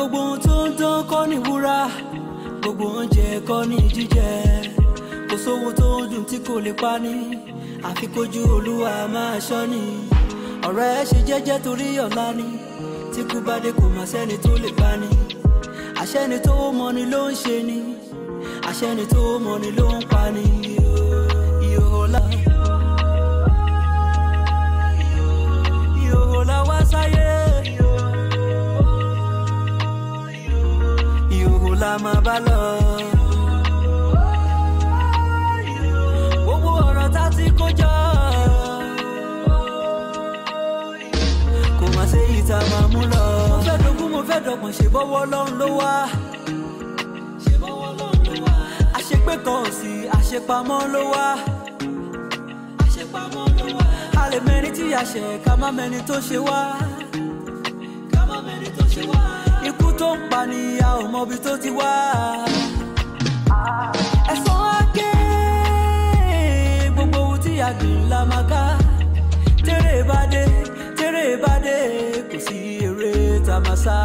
gbogbo ohun tó ń dán kọ́ ní wúrà gbogbo oúnjẹ kọ́ ní jíjẹ kò sówó tó ń dùn tí kò lè pa ní àfi kójú olúwa máa ṣọ́ ni ọ̀rẹ́ ṣe jẹ́jẹ́ torí ọ̀la ni tí kú bá dé kò má sẹ́ni tó lè bá ni àṣẹ́ni tó mọ ni ló ń ṣe ni àṣẹ́ni tó mọ ni ló ń pa ni ìhòòhòlá. ìhòòhòlá wá sáyé. la máa bá lọ. gbogbo ọ̀rọ̀ tá a ti kó jọ. kò má ṣe èyí tá a máa mú lọ. mo fẹ́ dọ́gbọ́n mo fẹ́ dọ́gbọ́n ṣe bọ́wọ́ lọ́run ló wá. ṣe bọ́wọ́ lọ́run ló wá. àṣepé kan ò sí àṣepamọ́ ló wá. àṣepamọ́ ló wá. a lè mẹ́rin tí a ṣe ká má mẹ́rin tó ṣe wá. tó ń pa ni a ò mọbi tó ti wá. ẹ̀sán àké gbogbo ohun tí a gbìn la máa ká tèrè bá dé tèrè bá dé kò sí eré tá a máa sá.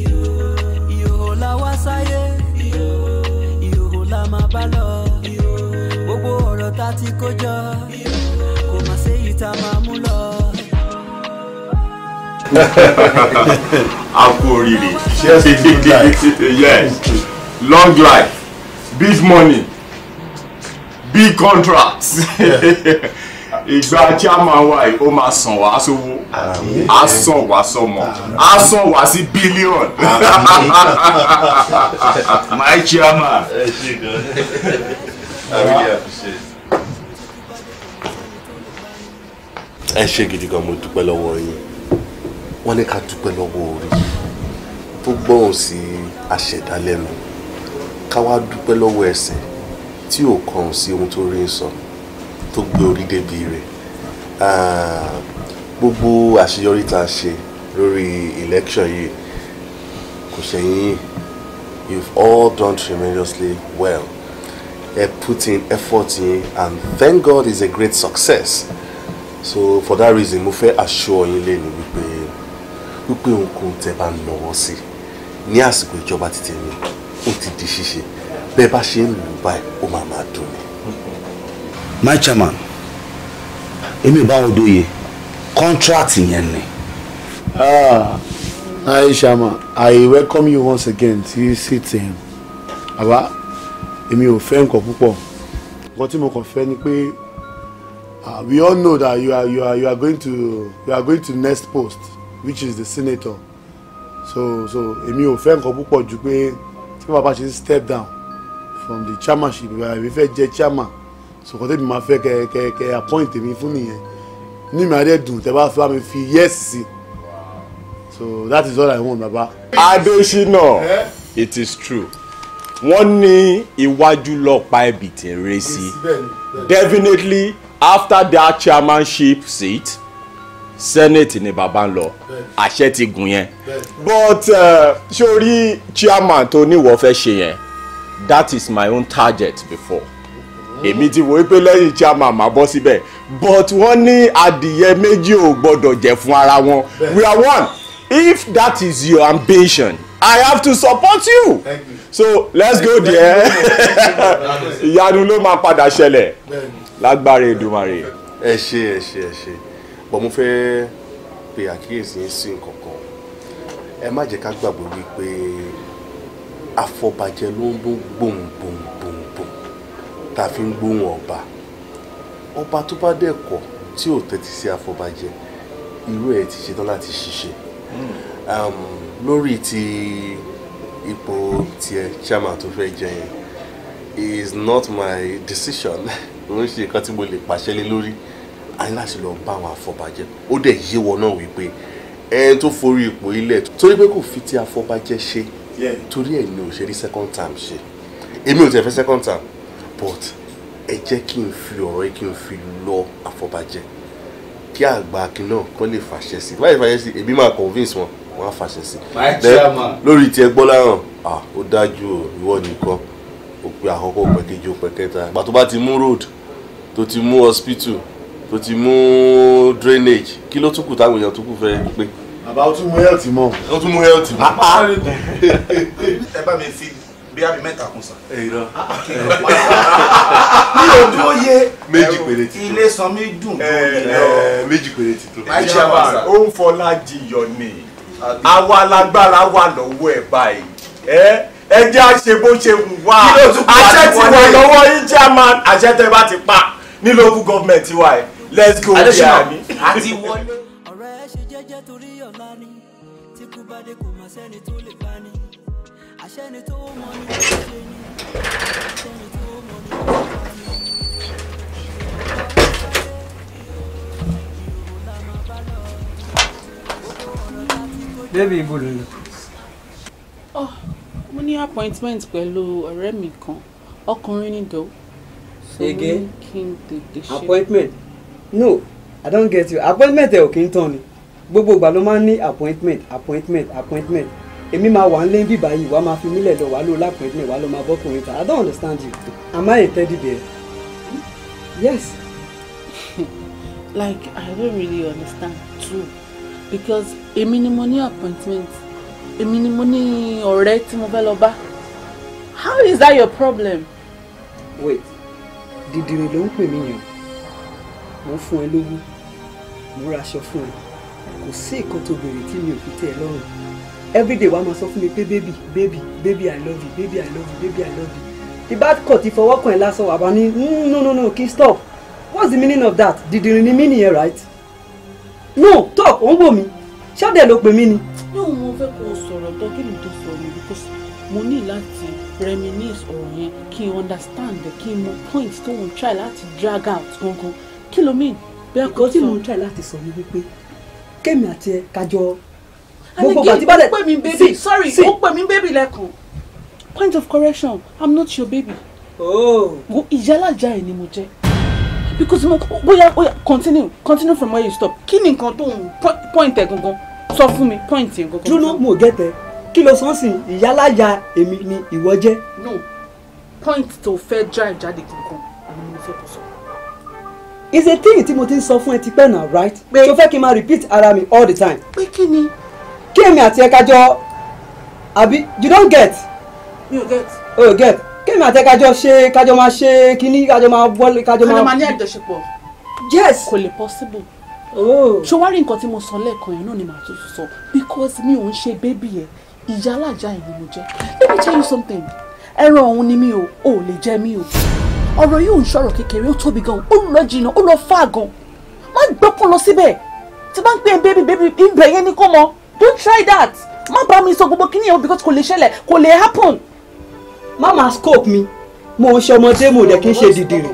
ìhòòhò la wá sáyé ìhòòhò la máa bá lọ gbogbo ọ̀rọ̀ tá ti kó jọ kò má séyìí tá a máa mú lọ. akú oríire yes long life big money big contracts ìgbà chairman wa yìí ó máa sàn wá sówó á sàn wá sọmọ á sàn wá sí bílíọ̀n my chairman. ẹ ṣe gidi gan mo dúpẹ́ lọ́wọ́ yín wọ́n ní ká dúpẹ́ lọ́wọ́ orí tó gbọ́hùn sí àṣẹ̀dá lẹ́nu ká wá dúpẹ́ lọ́wọ́ ẹsẹ̀ tí ò kọ̀hùn sí ohun tó rí ń sọ tó gbé orí débi rẹ̀ gbogbo àṣeyọrí tá a ṣe lórí election yìí kò ṣẹ̀yìn you've all done tremendously well ẹ put in effort in and thank God it's a great success so for that reason mo fẹ́ assure yín lẹ́nu wípé wípé nǹkan tẹ bá ń lọ́wọ́ sí ní àsìkò ìjọba ti tèmi ó ti di ṣíṣe bẹ́ẹ̀ bá ṣe ń lù báyìí ó máa máa dùn ni. my chairman èmi ò bá wọn dóye kọ́ńtíráàtì yẹn ni. Ah, hi chairman i welcome you once again to sitting àbá èmi ò fẹ́ nǹkan púpọ̀ nǹkan tí mo kàn fẹ́ ni pé ah, we all know that you are you are you are going to you are going to next post which is the senator so so Emi ò fẹ́ nǹkan púpọ̀ ju pé tí bàbá ṣe step down from the chairmanship èmi fẹ́ jẹ chairman so kọ́tẹ́ mi máa fẹ́ kẹ kẹ kẹ appoint mi fún nìyẹn ní mi adé dùn tẹ bá fẹ́ bá mi fi yes sí so that is all i want baba. Adesina it is true wọ́n ní iwájú lọ́pàá ẹ̀bìtì rẹ̀ sí definitely after that chairmanship seat senate ni bàbá ń lọ àṣẹ ti gùn yẹn but sórí uh, chairman tó níwọ̀ fẹ́ ṣe yẹn that is my own target before èmi ti wò ó pé lẹ́yìn chairman máa bọ́ síbẹ̀ but wọ́n ní adìyẹ méjì ò gbọ́dọ̀ jẹ fún ara wọn we are one if that is your ambition i have to support you, you. so let's go there ìyanu ló máa padà ṣẹlẹ̀ lágbára Èdùmàrè. ẹ ṣé ẹ ṣé ẹ ṣé but mo fẹ́ pe àkíyèsí yín sí nǹkan ẹ má jẹ́ ká gbàgbé wípé afọbajẹ ló ń dún gbòǹgbòǹgbòǹgbòǹ tá a fi ń gbóhùn ọba ọba tó bá dẹ̀ tí ò tẹ́tí sí afọbajẹ irú ẹ̀ ti ṣetán láti ṣiṣẹ́ lórí ti ipò tiẹ̀ chairman tó fẹ́ jẹ yẹn is not my decision ló ń ṣe nǹkan tí mo lè pàṣẹ lé lórí. Mm a ní láti lọ bá àwọn afọbajẹ ó dẹ̀ yé wọn náà wípé ẹni tó forí ipò ilẹ̀ torí pé kò fi ti afọbajẹ ṣe torí ẹ̀ ni ò ṣe rí second time ṣe èmi ò tẹ̀ fẹ́ second time. but ẹ jẹ́ kí n fi ọ̀rọ̀ yìí kí n fi lọ afọbajẹ kí àgbà akin náà kọ́ lè fàṣẹ sí láì fàṣẹ sí èmi máa convince wọn wọn á fàṣẹ sí lórí tiẹ̀ gbọ́ láhàn ó dájú ìwọ nìkan ó pe àkọ́kọ́ pẹ̀kejì ó pẹ̀kẹta ìgbà tó bá ti mú road tó ti mú hospital tó ti mú drainage kí ló tún kù táwọn èèyàn tó kù fẹ́ pé. bàbá ó tún mú health mọ́. ó tún mú health mọ́. ẹ bá mi fi bí a bí mẹ́ta kún sa. èyírọ ah, ah, mi ò dúró yé méjì péré ti tó ilé san mi dùn tó yẹ ọ méjì péré ti tó. ìjọba ó ń fọlá jiyọ ni àwa lágbára wà lọ́wọ́ ẹ̀ báyìí ẹ jẹ́ àṣẹ bó ṣe wù wá àṣẹ ti wà lọ́wọ́ yìí chairman àṣẹ tẹ bá ti pa nílòókù gọ́ọ̀mẹ̀ntì wa yìí let's go bí a ní. àti wọlé. ọ̀rẹ́ ṣe jẹ́jẹ́ torí ọ̀la ni tí kú bá dé kò má sẹ́ni tó lè bá ní àṣẹ́ni tó mọ ní ọ̀sẹ̀ ni àṣẹ́ni tó mọ ní ọ̀sẹ̀ ni. Bébí ibo ló lọ. Oh, mo ní appointment pẹ̀lú ọ̀rẹ́ mi kan, ọkùnrin ni dò. Ṣé gé? Kí n tètè Appointment? no i don't get you appointment ẹ ò kí ń tán ni gbogbo ìgbà ló máa ń ní appointment appointment appointment èmi máa wà ń lé bíbá yìí wàá máa fi mílẹ̀ lọ wàá lò lápẹ̀tẹ̀ wàá lọ máa bọ́kùnrin ta i don't understand you am I a teddy bear yes. like i don't really understand too because èmi ni mo ní appointment èmi ni mo ní ọ̀rẹ́ tí mo fẹ́ lọ bá how is that your problem. wait dìdìrì ló ń pè mí yẹn mo ń fún ẹ lówó mo ń raṣọ fún ẹ kò sí nǹkan tó béèrè tí mi ò fi tẹ́ ẹ lọ́rùn everyday wàá máa sọ fún mi pé baby baby baby i love you baby i love you baby i love you tí bá kọ̀ ti fọwọ́ kàn ẹ́ lásán wàá bá ní no no no kí stop what's the meaning of that dìdìrín ni mí nìyẹn right no talk ò ń wò mí ṣáde ló pè mí ni. yóò mo fẹ́ kó o sọ̀rọ̀ tán kí ni tó sọ mi because mo ní láti reminisce ọ̀rọ̀ yẹn kí n understand kí n mọ point tó ń try láti drag out gangan kí ló mean. bẹ́ẹ̀ kọ́ tí mò ń try láti sọ ni wípé kémi àti ẹ kájọ gbogbo àti bàdẹ sí sí sorry ó pè mí bébì lẹ́kàn. point of correction i'm not your baby. Oh. wo ìyálàjà ẹ̀ ni mo jẹ́ because mo bóyá bóyá continue continue from where you stop kí ni nǹkan tó ń point ẹ̀ gangan sọ fún mi point ẹ̀ gangan. dúró mo gẹ́tẹ̀ kí ló sọ sí ìyálàjà èmi ni ìwọ jẹ́. no point tó fẹ́ drive jáde kankan òun mo fẹ́ kó sọ it's a thing tí mo ti ń sọ fún ẹ tipẹ́ náà right pé tó fẹ́ kí n máa repeat ara mi all the time. pé kí ni. kí èmi àti ẹ̀ka jọ àbí you don't get. you get. oh get kí èmi àti ẹ̀ka jọ ṣe kájọ máa ṣe kíní kájọ máa bọ́ọ̀lù kájọ máa. kájọ máa ní àjọṣepọ̀. yes. kò lè possible. oh. ṣọwárí nǹkan tí mo sọ lẹ́ẹ̀kan yẹn náà ni màá tún sọ because mi ò ń ṣe bébì yẹn ìyá alájà yẹn ni mo jẹ́ let me tell you something ẹran ọ̀hún ni mi ò ò lè jẹ mi ò ọ̀rọ̀ yóò ń ṣọ̀rọ̀ kékeré ó tóbi gan ó lọ jìnnà ó lọ fà gan má gbọ́kàn lọ síbẹ̀ tí bá ń pè é bébì bébì ibẹ̀ yẹn ni kò mọ don't try that má bá mi sọ gbogbo kíní yẹn because kò lè ṣẹlẹ̀ kò lè happen. má máa scope mi mo ń ṣọmọdé mo dẹ̀ kí n ṣe dìdìrì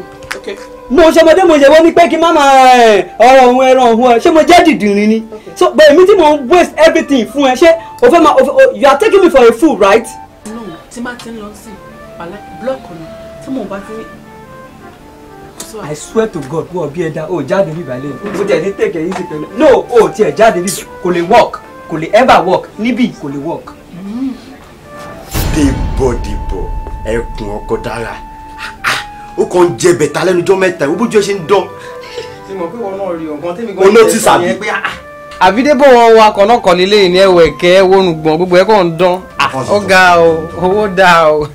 mo ń ṣọmọdé mo ṣe wọ́n ní pé kí n má máa eh, ọ̀rọ̀ òun ẹran òun ẹ ṣé mo jẹ́ dìdìrì ni so but èmi tí mo ń waste everything fún ẹ ṣé o fẹ́ máa you are taking me for a fool right. no tí má ti ń lọ sí bàlá blọọkù ni tí mo bá ti I swear to God wọ́n bí ẹ̀dá o jáde bíbá lẹ́yìn o tẹ̀ ní take it easy pẹ̀lú no o tiẹ̀ jáde bíbá kò lè work kò lè ever work níbí kò lè work. dìbòdìbò ẹkùn ọkọ dára ó kàn ń jẹ bẹ̀tà lẹ́nujọ́ mẹ́ta ó bójú ẹ ṣe ń dán. ti mọ̀ pé wọn náà rí ọ̀gán tẹ́mi gan-an. olóòtú sàbí ah, ah. àbídébò wọn wa kọ̀nà kan lélẹ̀ ní ẹ̀wọ̀ ẹ̀kẹ́ wọnùgbọ̀n gbogbo ẹ̀ kàn ń dán ah, ó ga o owó dáa o.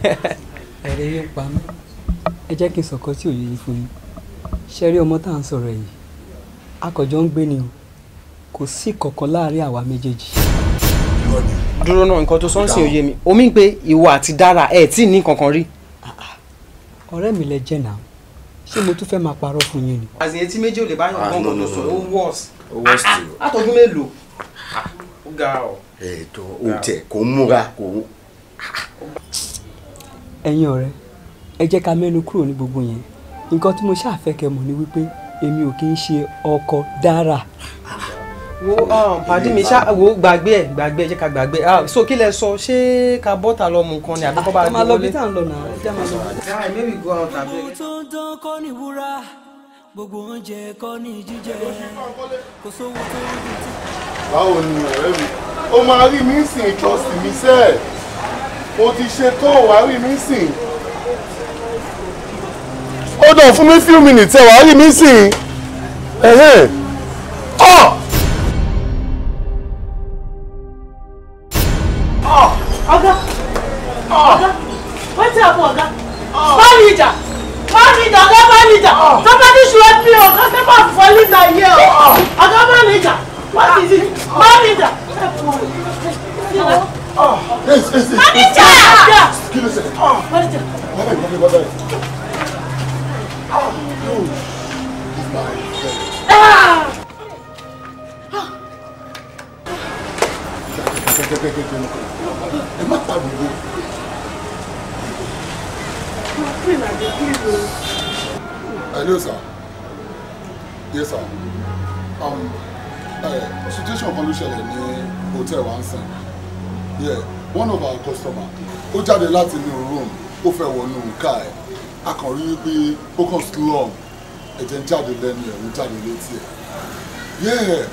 ẹ̀rẹ̀ yóò pa mí ẹ jẹ́ kí n sọ̀kọ́ tí òye yìí fún yín ṣẹ́rí ọmọ tá à ń sọ̀rọ̀ yìí akọ̀jọ́ ń gbé ni o kò sí kankan láàrin àwa méjèèjì. dúró náà nǹkan tó sọ́nsìn òye mi omi ń pe ìwà àti dára ẹ̀ tí ì ní kankan rí. Ah, ah. ọ̀rẹ́ mi lẹ jẹ́ náà ṣé mo tún fẹ́ máa parọ́ fún yín ni. àzìn etí méjì ò lè bá yàn ah, gbọ́n kó tó sọ ó wọ́ọ̀sì. o. àtọ́jú mélòó ó ga ọ. ètò òtẹ kò múra kò. ẹ̀yin ọ̀rẹ́ ẹ jẹ́ ká mẹ́nu kúrò ní gbogbo yẹn nǹkan tí mo ṣàfẹ́kẹ́ mọ̀ ni wípé èmi ò kí ń ṣe ọkọ dára. wo ah, pàdé mi ṣá wo gbàgbé ẹ gbàgbé ẹ jẹ́ ká gbàgbé ẹ ah, so kí lẹ sọ ṣé ká bọ́tà lọ mú nǹkan ni àbí kọ́ bá a lọ bí tá à ń lọ ẹ jẹ́ máa lọ. guy ah, maybe go out abeg. ohun tó ń dán kọ́ ni wúrà gbogbo oúnjẹ kọ́ ni jíjẹ kò sówó tó ń bí ti. báwo ni ọ̀rẹ́ mi máa rí mi sìn ìjọsìn mi sẹ́ẹ̀ mo ti ṣe tó wàá rí mi sìn hold on fún mi few minutes ẹ wàá rí mi sìn ẹ̀hìn ọ̀. ọ̀gá ọ̀gá wetin happen ọ̀gá báyìí ìjà Manager, manager, ọ̀gá manager. ìjà somebody should help me ọ̀gá step out for leave na here ọ̀gá báyìí manager. what is it Manager. ìjà. Manager! Manager! Manager! Ah, no. My friend. Ah! Ẹ má pariwo. Hello, sir. Yes, sir. Um, uh, situation kan ló ṣẹlẹ̀ ní hotel wa ń sìn. Yeah, one of our customer, ó jáde láti inú room, ó fẹ́ wọnú car ẹ̀ akọ̀rí wípé ó kàn slum ẹ̀jẹ̀ ń jáde lẹ́nu ẹ̀ ń jáde létí ẹ̀ yẹ́ẹ̀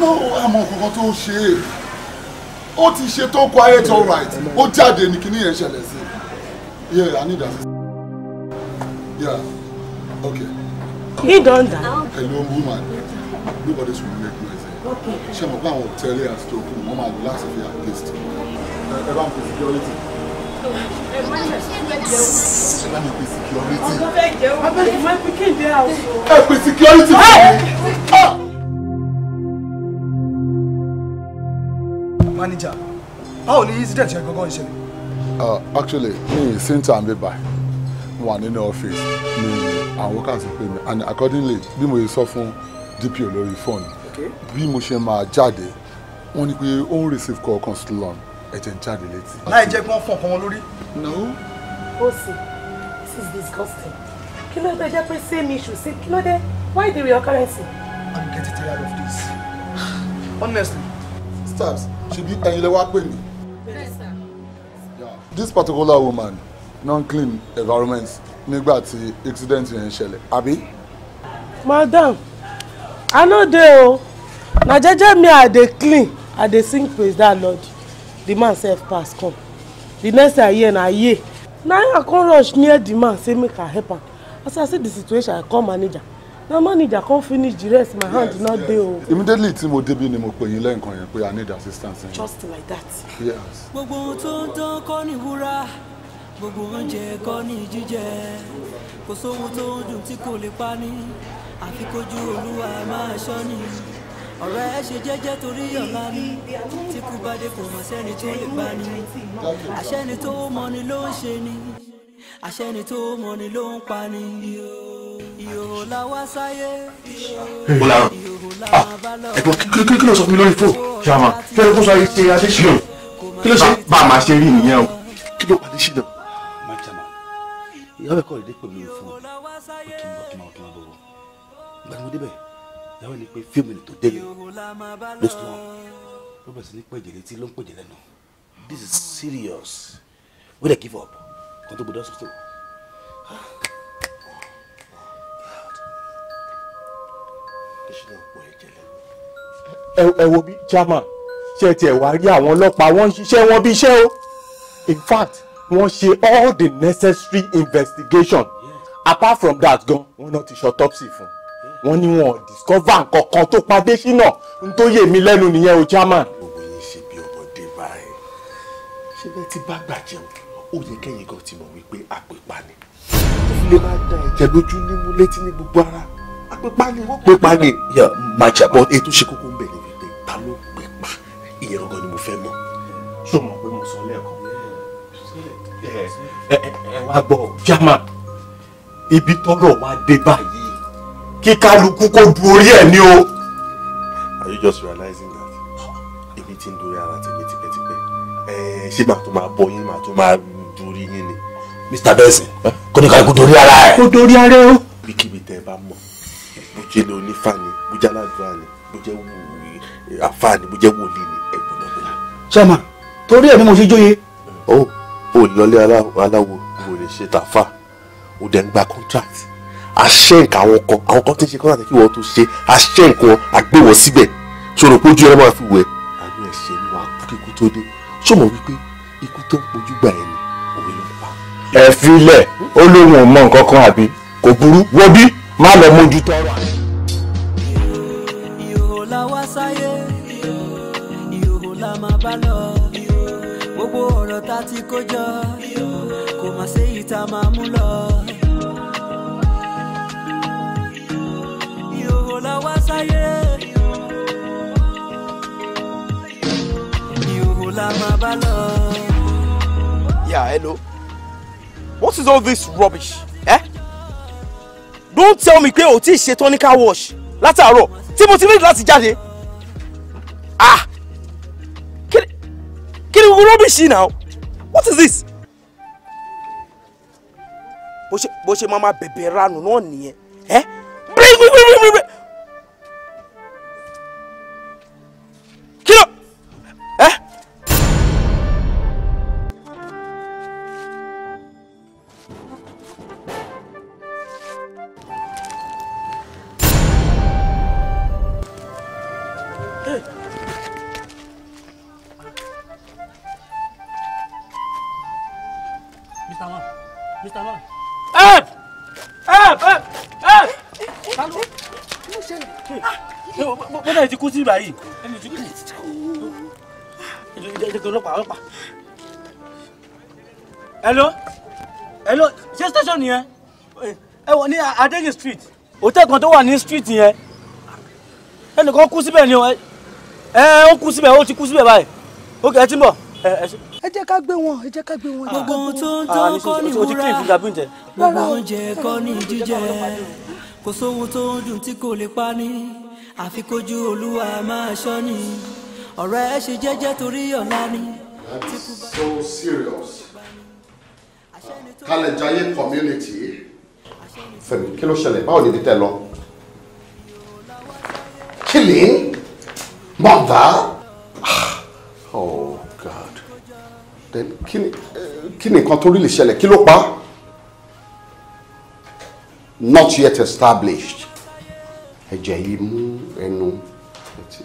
no àmọ́ kankan tó ṣe é ó ti ṣe tó quiet all right ó jáde ní kíní yẹn ṣẹlẹ̀ sí yẹ́ẹ̀ i need assistance yeah okay. he don die. hello woman nobody should make noise. ṣé mo pé àwọn òtẹ́ẹ̀lì àti tó kù wọ́n máa lò láti fi àgẹ́sì. ẹ bá mi fi security ẹ pè security oh! manager how ni incident yẹn gangan ṣẹlẹ̀. Uh, actually mi sinta n beba wà nínú ọ́fíìsì ni àwọn workers pè mí and accordingly bí mo ṣe phone fún DPO lórí fóònù bí mo ṣe máa jáde wọ́n ní pé receive call constantly ẹ tẹ̀ ń jáde létí. láì jẹ́ pé wọ́n fọ̀n kan lórí. no. ó sì this is disgusting kí ló dé jẹ́ pé same issue sí kí ló dé why the reoccurrence. i'm getting tired of this honestly. stars ṣebí ẹ̀yin lẹ wá pè mí. this particular woman non-clean environment nígbà tí accident yẹn ṣẹlẹ̀ àbí. madam i no dey o na jeje me i dey clean i dey sing praise that lord the man sef pass come the next thing i hear na ye. yeye I come rush near the man say make i help am as i see the situation i call manager na manager come finish the rest my hand yes, no yes. dey o. Oh. immediately tí mo débi ni mo pè yín lẹ́ǹkan yẹn pé i need assistance. just like that. yes. gbogbo ohun tó ń dán kọ́ ni wúrà gbogbo oúnjẹ kọ́ ni jíjẹ kò sóhun tó ń dùn tí kò lè pa ni àfi olúwa máa ṣọ́ ni ọ̀rọ̀ ẹ ṣe jẹ́jẹ́ torí ọ̀la ni tí kú bá dé kò mọ̀ sẹ́ni tó lè bá ni àṣẹ́ni tó mọ̀ ni ló ń ṣe ni àṣẹ́ni tó mọ̀ ni ló ń pa ni. ìhòòhò la wá sáyé ìhòòhò la ah, bá lọ. ẹ̀gbọ́n kí kí ló sọ fún mi lórí sọ ayé kí ló ṣe. bá a máa ṣe rí nìyẹn o kí ló pàdé ṣìnà. májàmá ìyá bẹ́ẹ̀ kọ́ ìdí pèmí fún un kí ìyàwó ni pé fíìmù ni tó délé ló sọ ló bẹ̀rẹ̀ sí ní pẹ̀jẹ̀ létí ló ń pẹ̀jẹ̀ lẹ́nu this is serious we dey give up kan tó gbọdọ̀ hospital. ẹ wo bí chairman ṣe tiẹ̀ wá rí àwọn ọlọ́pàá wọ́n ń ṣiṣẹ́ wọn bí iṣẹ́ o in fact wọ́n ṣe all the necessary investigation apart from that gan wọ́n náà ti ṣe autopsy fún un wọ́n ní wọn discover nǹkan kan tó pa Adésínà n tó yé mi lẹ́nu nìyẹn o chairman. gbogbo yín ṣe bí ọmọdé báyìí ṣé bẹ́ẹ̀ ti bá gbàjẹ́ o ó yẹ kẹ́yìn gan ti mọ̀ wípé àpèpá ni ó fi lè máa da ẹ̀jẹ̀ lójú nímú létí ní gbogbo ara àpèpá ni wọ́n pèpá ni. yà máa jà bọ́ ètò ṣe kókó ń bẹ̀ ni wípé ta ló pèpá ìyẹn gangan ni mo fẹ́ mọ̀. ṣó mọ̀ pé mo sọ lẹ́ẹ̀kan ẹ ẹ wá gbọ́ chairman ibi tọ́rọ̀ wa dé báyìí kí kálukú kó du orí ẹ̀ ní o. are you just realizing that èmi ti ń dorí ara tèmi tipẹ́tipẹ́ ẹ ṣé màá tó máa bọ yín màá tó máa dorí yín ni. Mr. Benson kò ní kálukú dorí ara ẹ̀. kó dorí ara ẹ̀ o. ibikíbi tẹ ẹ bá mọ bójú ilé onífà ni bójú aládùúrà ni bójú àfà ni bójú wòlíì ni ẹ gbọ́dọ̀ gbọ́dọ̀. sọ́mà torí ẹ̀ ni mo ṣe jóye. ó oh, ò lọlé aláwo ò lè ṣe tàfà ò dẹ̀ ń gba contract a ṣẹ́ǹkà àwọn kan àwọn kan tí ń ṣe kọ́ńtà kí wọ́n tó ṣe a ṣẹ́ǹkà wọn a gbé wọn síbẹ̀ sọ̀rọ̀ pé ojú ẹ máa fi wẹ̀ àánú ẹ̀ ṣe ni wàá kú kíkú tó dé sọ̀mọ̀ wípé ikú tó ń pojú gbà ẹ̀ ni òwe ló pa. ẹ filẹ̀ ó lóun ò mọ nǹkan kan àbí kò burú wo má lọ mójú tọrọ. ìhòòhò la wá sáyé ìhòòhò la máa bá lọ gbogbo ọ̀rọ̀ tá ti kó jọ kò má séyìí tá máa mú lọ. Yeah, hello. What is all this rubbish? Eh? Don't tell me pé o ti ṣetán ní car wash látàárọ̀ tí mo ti rí láti jáde. Ah! Kí ni rubbish now? What is this? Bó ṣe bó ṣe máa ma bẹ̀bẹ̀ ranù náà Eh? Bring bring bring bring bring. gbà yìí ẹni ojú kílẹ̀ ti tẹ̀ ẹni ojú ọlọ́pàá ọlọ́pàá. hello hello ṣé station nìyẹn ẹ wọ ní Adége street hotel kan tó wà ní street yẹn ẹnìkan kú síbẹ̀ ni ẹ ẹ ó kú síbẹ̀ ó ti kú síbẹ̀ báyìí ó kẹ́ ẹ ti ń bọ̀ ẹ ẹ ṣe ẹ jẹ́ ká gbé wọn ẹ jẹ́ ká gbé wọn. gbogbo ohun tó ń tán kọ́ ni wúrà gbogbo oúnjẹ kọ́ ni jíjẹ kò sóhun tó ń dùn tí kò lè pa ni àfikójú olúwa máa ṣọ́ ni ọ̀rọ̀ ẹ ṣe jẹ́jẹ́ torí ọ̀la ni. that is so serious Kalẹ̀ Jayé community Fẹ́mi kí ló ṣẹlẹ̀ báwo ni ibi tẹ lọ killing mother ah, oh god then kí ni eh, nǹkan tó rí lè ṣẹlẹ̀ kí ló pa not yet established. ẹ̀jẹ̀ ẹnu àti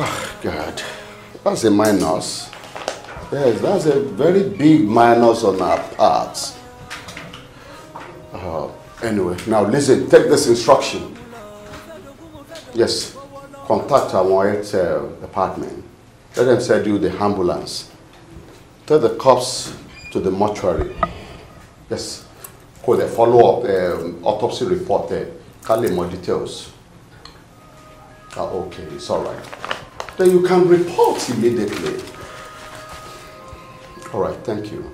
ah god that's a minus yes that's a very big minus on our part uh, anyway now listen take this instruction yes contact our health uh, department let them send you the ambulance take the cops to the mortuary yes. Call the follow up um, autopsy report there? ká lè mọ details ah okay it's all right. then you can report immediately All right. thank you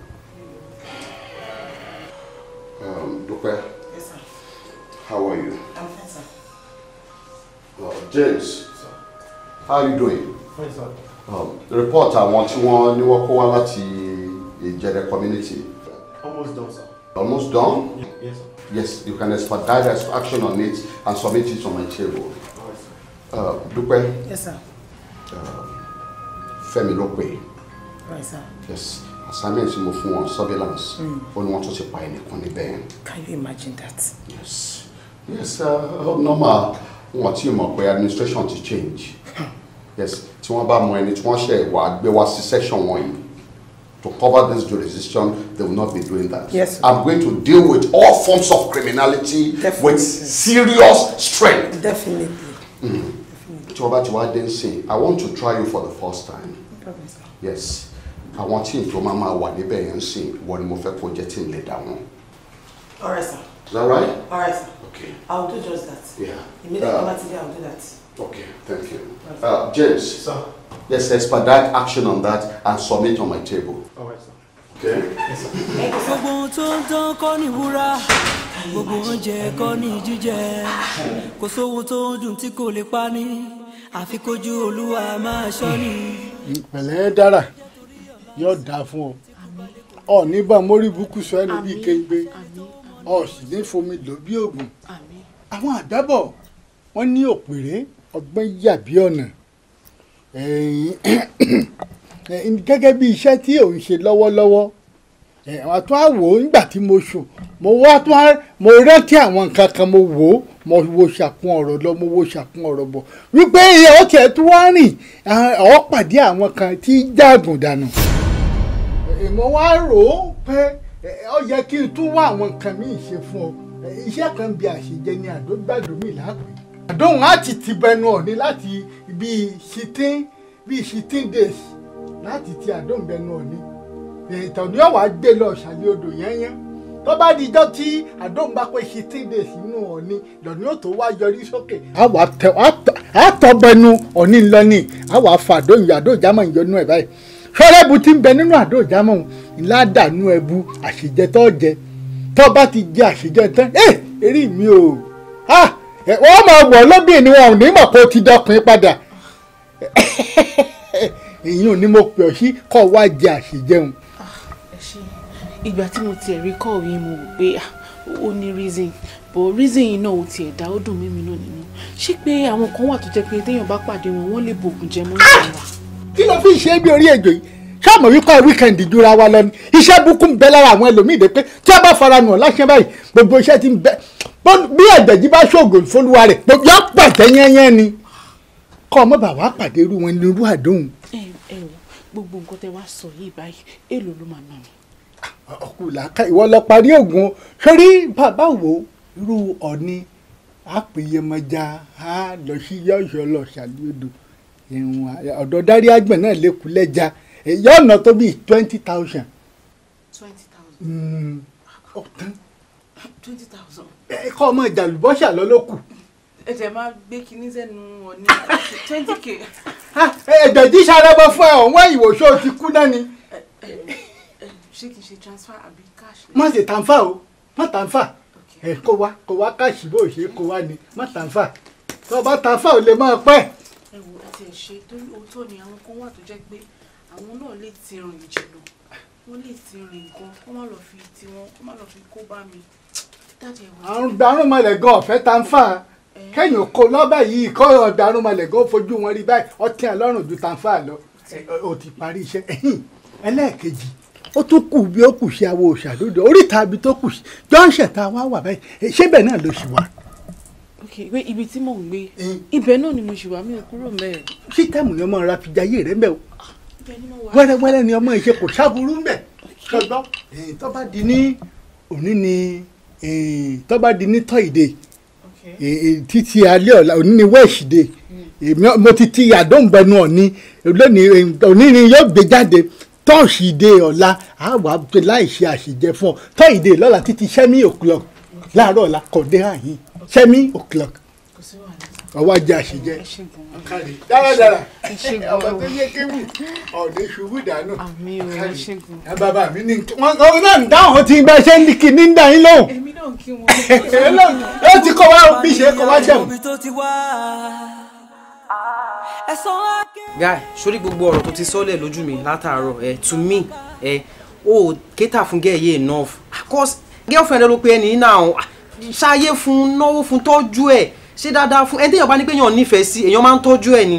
um, Dúpẹ́ yes, sir. how are you I'm fine sir uh, James sir. how are you doing fine sir um, the report I want wọ́n ní wọ́n kó in láti community almost done sir almost done yes sir. Yes, you can direct action on it and submit it on my table. Uh, Dúpẹ́. Yes, sir. Uh, Fẹ́mi ló Right, sir. Yes. Assignment tí mo fún wọn surveillance. Hmm. Ó ní wọ́n to ti pa ẹnìkan níbẹ̀ yẹn. Can you imagine that? Yes. Yes, uh, normal. Wọ́n ti mọ̀ pé administration to change. Yes, tí wọ́n bá mọ ẹni tí wọ́n ṣe wá gbé wá sí section wọn yìí to cover this jurisdiction, they will not be doing that. Yes. I'm going to deal with all forms of criminality Definitely. with serious strength. Definitely. Mm. Definitely. I didn't see. I want to try you for the first time. Yes. Àwọn tí ìjọba máa wà níbẹ̀ yẹn ń sìn wọ́n ni mo fẹ́ kó jẹ́ tí n lè dà wọ́n. All right, sir. Is that right? All right, sir. Okay. I will do just that. Yeah. Immediately, uh, I will do that. Okay, thank you. Uh, James. Sir. Let's expedite action on that and submit on my table. All right, sir. Okay? Yes, sir. àfi kójú Olúwa máa ṣọ́ ni. Pẹ̀lẹ́ dára, yóò dáa fún ọ. Ọ̀ní bá mórí búkú sọ ẹnu bíi kéńgbé, ọ̀sì ní fomi lò bí òògùn. Àwọn àgbábọ̀ wọ́n ní òpèré ọgbọ́n yàbí ọ̀nà. gẹ́gẹ́ bí iṣẹ́ tí ò ń ṣe lọ́wọ́lọ́wọ́ àwọn tó á wò ó nígbà tí mo sùn mo wá tó á mo rántí àwọn nǹkan kan mo wò ó mo wo ṣàkun ọ̀rọ̀ lọ mo wo ṣàkun ọ̀rọ̀ bọ̀ wípé ó tiẹ̀ tó wá rìn ọ̀ pàdé àwọn kan tí jágùn dànù. mo wá rò ó pé ó yẹ kí n tún wá àwọn nǹkan míì ṣe fún ọ iṣẹ́ kan bí àṣejẹ ni àdógbàdó mi lápè. àdóhùn á ti ti bẹnu ọ̀ni láti bíi sixteen bíi sixteen days láti ti àdóǹbẹ̀nu ọ̀ni ètò ni ó wá gbé lọ ṣàlẹ̀ odò yẹ́nyẹ́ tó bá di ijọ́ tí àdóǹbá pé sixteen days nínú ọ̀ni lọ́ni ó tó wá yọrí sókè. àwa tẹ àtọ̀bẹnu ọ̀ni lọ́ni àwa fa àdóǹyọ àdóòjámọ̀ ìyọnu ẹ̀ báyìí fẹ́rẹ́bù ti ń bẹ nínú àdóòjámọ̀ ńlá dànù ẹbu àṣìjẹ tó jẹ tó bá ti jẹ àṣìjẹ tán ẹ eh, eré mi o ah, wọ́n máa wọ̀ lóbìnrin wọn ò ní mọ̀ kó ti dọkùnrin padà ìyún ni mo pè ọ́ sí kọ́ wá jẹ àṣejẹun. Ah, ìgbà tí mo tiẹ̀ rí kọ́ yìí mo wò pé ah, ó ní reason but reason yìí náà ò tiẹ̀ dá ó dùn mímí náà nínú ṣé pé àwọn kan wà tó jẹ́ pé téèyàn bá pàdé wọn wọ́n lè bògùn jẹ mọ́ ìṣẹ́ wa. Ah! kí ló fi ṣe é bí orí èjò yìí sáàmù wípé wíkẹ̀ndì jura wa lọ iṣẹ́ bukú ń bẹ lára àwọn ẹlòmíì dé pé tí a bá fara nù láṣẹ báyìí gbogbo iṣẹ́ ti ń bẹ bí ẹ̀gbẹ̀jì bá ṣògo fólúwa rẹ̀ gbogbo yóò pàtẹ́ yẹ́nyẹ́ ni kọ́ ọmọ bàbá wa pàdé irú wọn nírú àdóhùn. ẹ ẹ o gbogbo nǹkan tẹ wá sọ yìí báyìí èèlò ló máa ná mi. ọkùnrin làákà ìwọ lọ parí oògùn sórí bàbá wo irú ọ̀ni àpèyẹmọjà á lọ sí yọ̀ọ̀ṣọ́ lọ ṣàlùwẹ̀dọ̀ ìwọ̀n ọ̀dọ̀ dárí àgbẹ̀ náà lẹ́kùn lẹ́ja èyí ọ̀nà tó bíi twenty thousand. twenty thousand. Hmm, ọ̀tán. twenty thousand. ẹ kọ́ ọmọ ìjàlùbọ́sà lọ́lọ́kù ẹ tẹ máa gbé kinní sẹ́nu ọ̀ní twenty k. ẹ̀jẹ̀dí ṣàlọ́bọ fún ẹ ọ̀wọ́n ìwò ṣó ti kú náà ni. ṣé kìí ṣe transfer àbí cash. má ṣe tàǹfà o má tàǹfà ẹ kó wá kó wá káàṣì bó ṣe kó wá ni má tàǹfà tó bá tàǹfà ò lè máa pẹ́. ẹ wo ẹ tiẹ̀ ṣe torí òótọ́ ni àwọn kan wà tó jẹ́ pé àwọn náà lè ti rìn ìjìnlọ wọ́n lè ti rìn nǹkan kó má lọ fi tiwọn kó má lọ fi kó bá mi. àrùn gbàrún mọ̀lẹ̀ gan ọ̀fẹ́ tàǹfà kẹ́yìn kó lọ́bẹ̀ yìí kọ́ ọ̀daràn malẹ̀ kó fojú wọn rí báyìí ọtí ọlọ́run ju tàǹfà lọ ó ti parí iṣẹ́ ẹ̀yìn ẹlẹ́ẹ̀kejì ó tún kù bí ó kù ṣe àwo òṣàdúdú oríta ibi tó kù jọ́ǹṣẹ̀ tá a wá wà báyìí ṣébẹ̀ náà ló ṣì wà. ok pé ibi tí mò ń gbé ibẹ̀ náà ni mo ṣì wà mí ò kúrò mẹ́ẹ̀. sítẹ́mù ni ọmọ ra jayé rẹ mẹ́ o ah, wẹ́rẹ́wẹ́rẹ́ ni ọmọ ìṣe kò ṣàbùrú mẹ́ ṣọgbọ́n tó bá di ní òní ni tó bá di ní tọ́ ìdè Eh, eh, títí alẹ́ ọ̀la òní ni Wednesday eh, mo ti ti àdóǹbẹ̀nu ọ̀ni lónìí òní ni yóò gbé jáde tọ́ọ̀sìdè ọ̀la àwọn àbúté láìṣe àṣìjẹ fún ọ tọ́ọ̀sìdè lọ́la títí sẹ́mi o'clock láàárọ̀ ọ̀la kọ̀dé àyìn sẹ́mi o'clock ọwọ́ ajé àṣejẹ dáradára ọmọ tó yẹ kébù ọ̀dẹ ṣubú dànù ẹ bàbá mi ní wọn náà ń dáhùn tí bá ṣe ń kí ní dà yín lóhùn èmi náà kí wọn. yóò ti kọ́ wá bí ṣe kọ́ wá jẹun. guy sórí gbogbo ọ̀rọ̀ tó ti sọ́lẹ̀ lójú mi látàárọ̀ ẹ̀ eh, to me ẹ̀ eh, o kéta fún gẹ̀ẹ́yé enough of course girlfriend ló pe ẹni náà ṣáyé fún náwó fún tọ́jú ẹ̀ ṣe dáadáa fún ẹni téèyàn bá ní pé èèyàn nífẹ̀ẹ́ sí èèyàn máa ń tọ́jú ẹ̀ ni.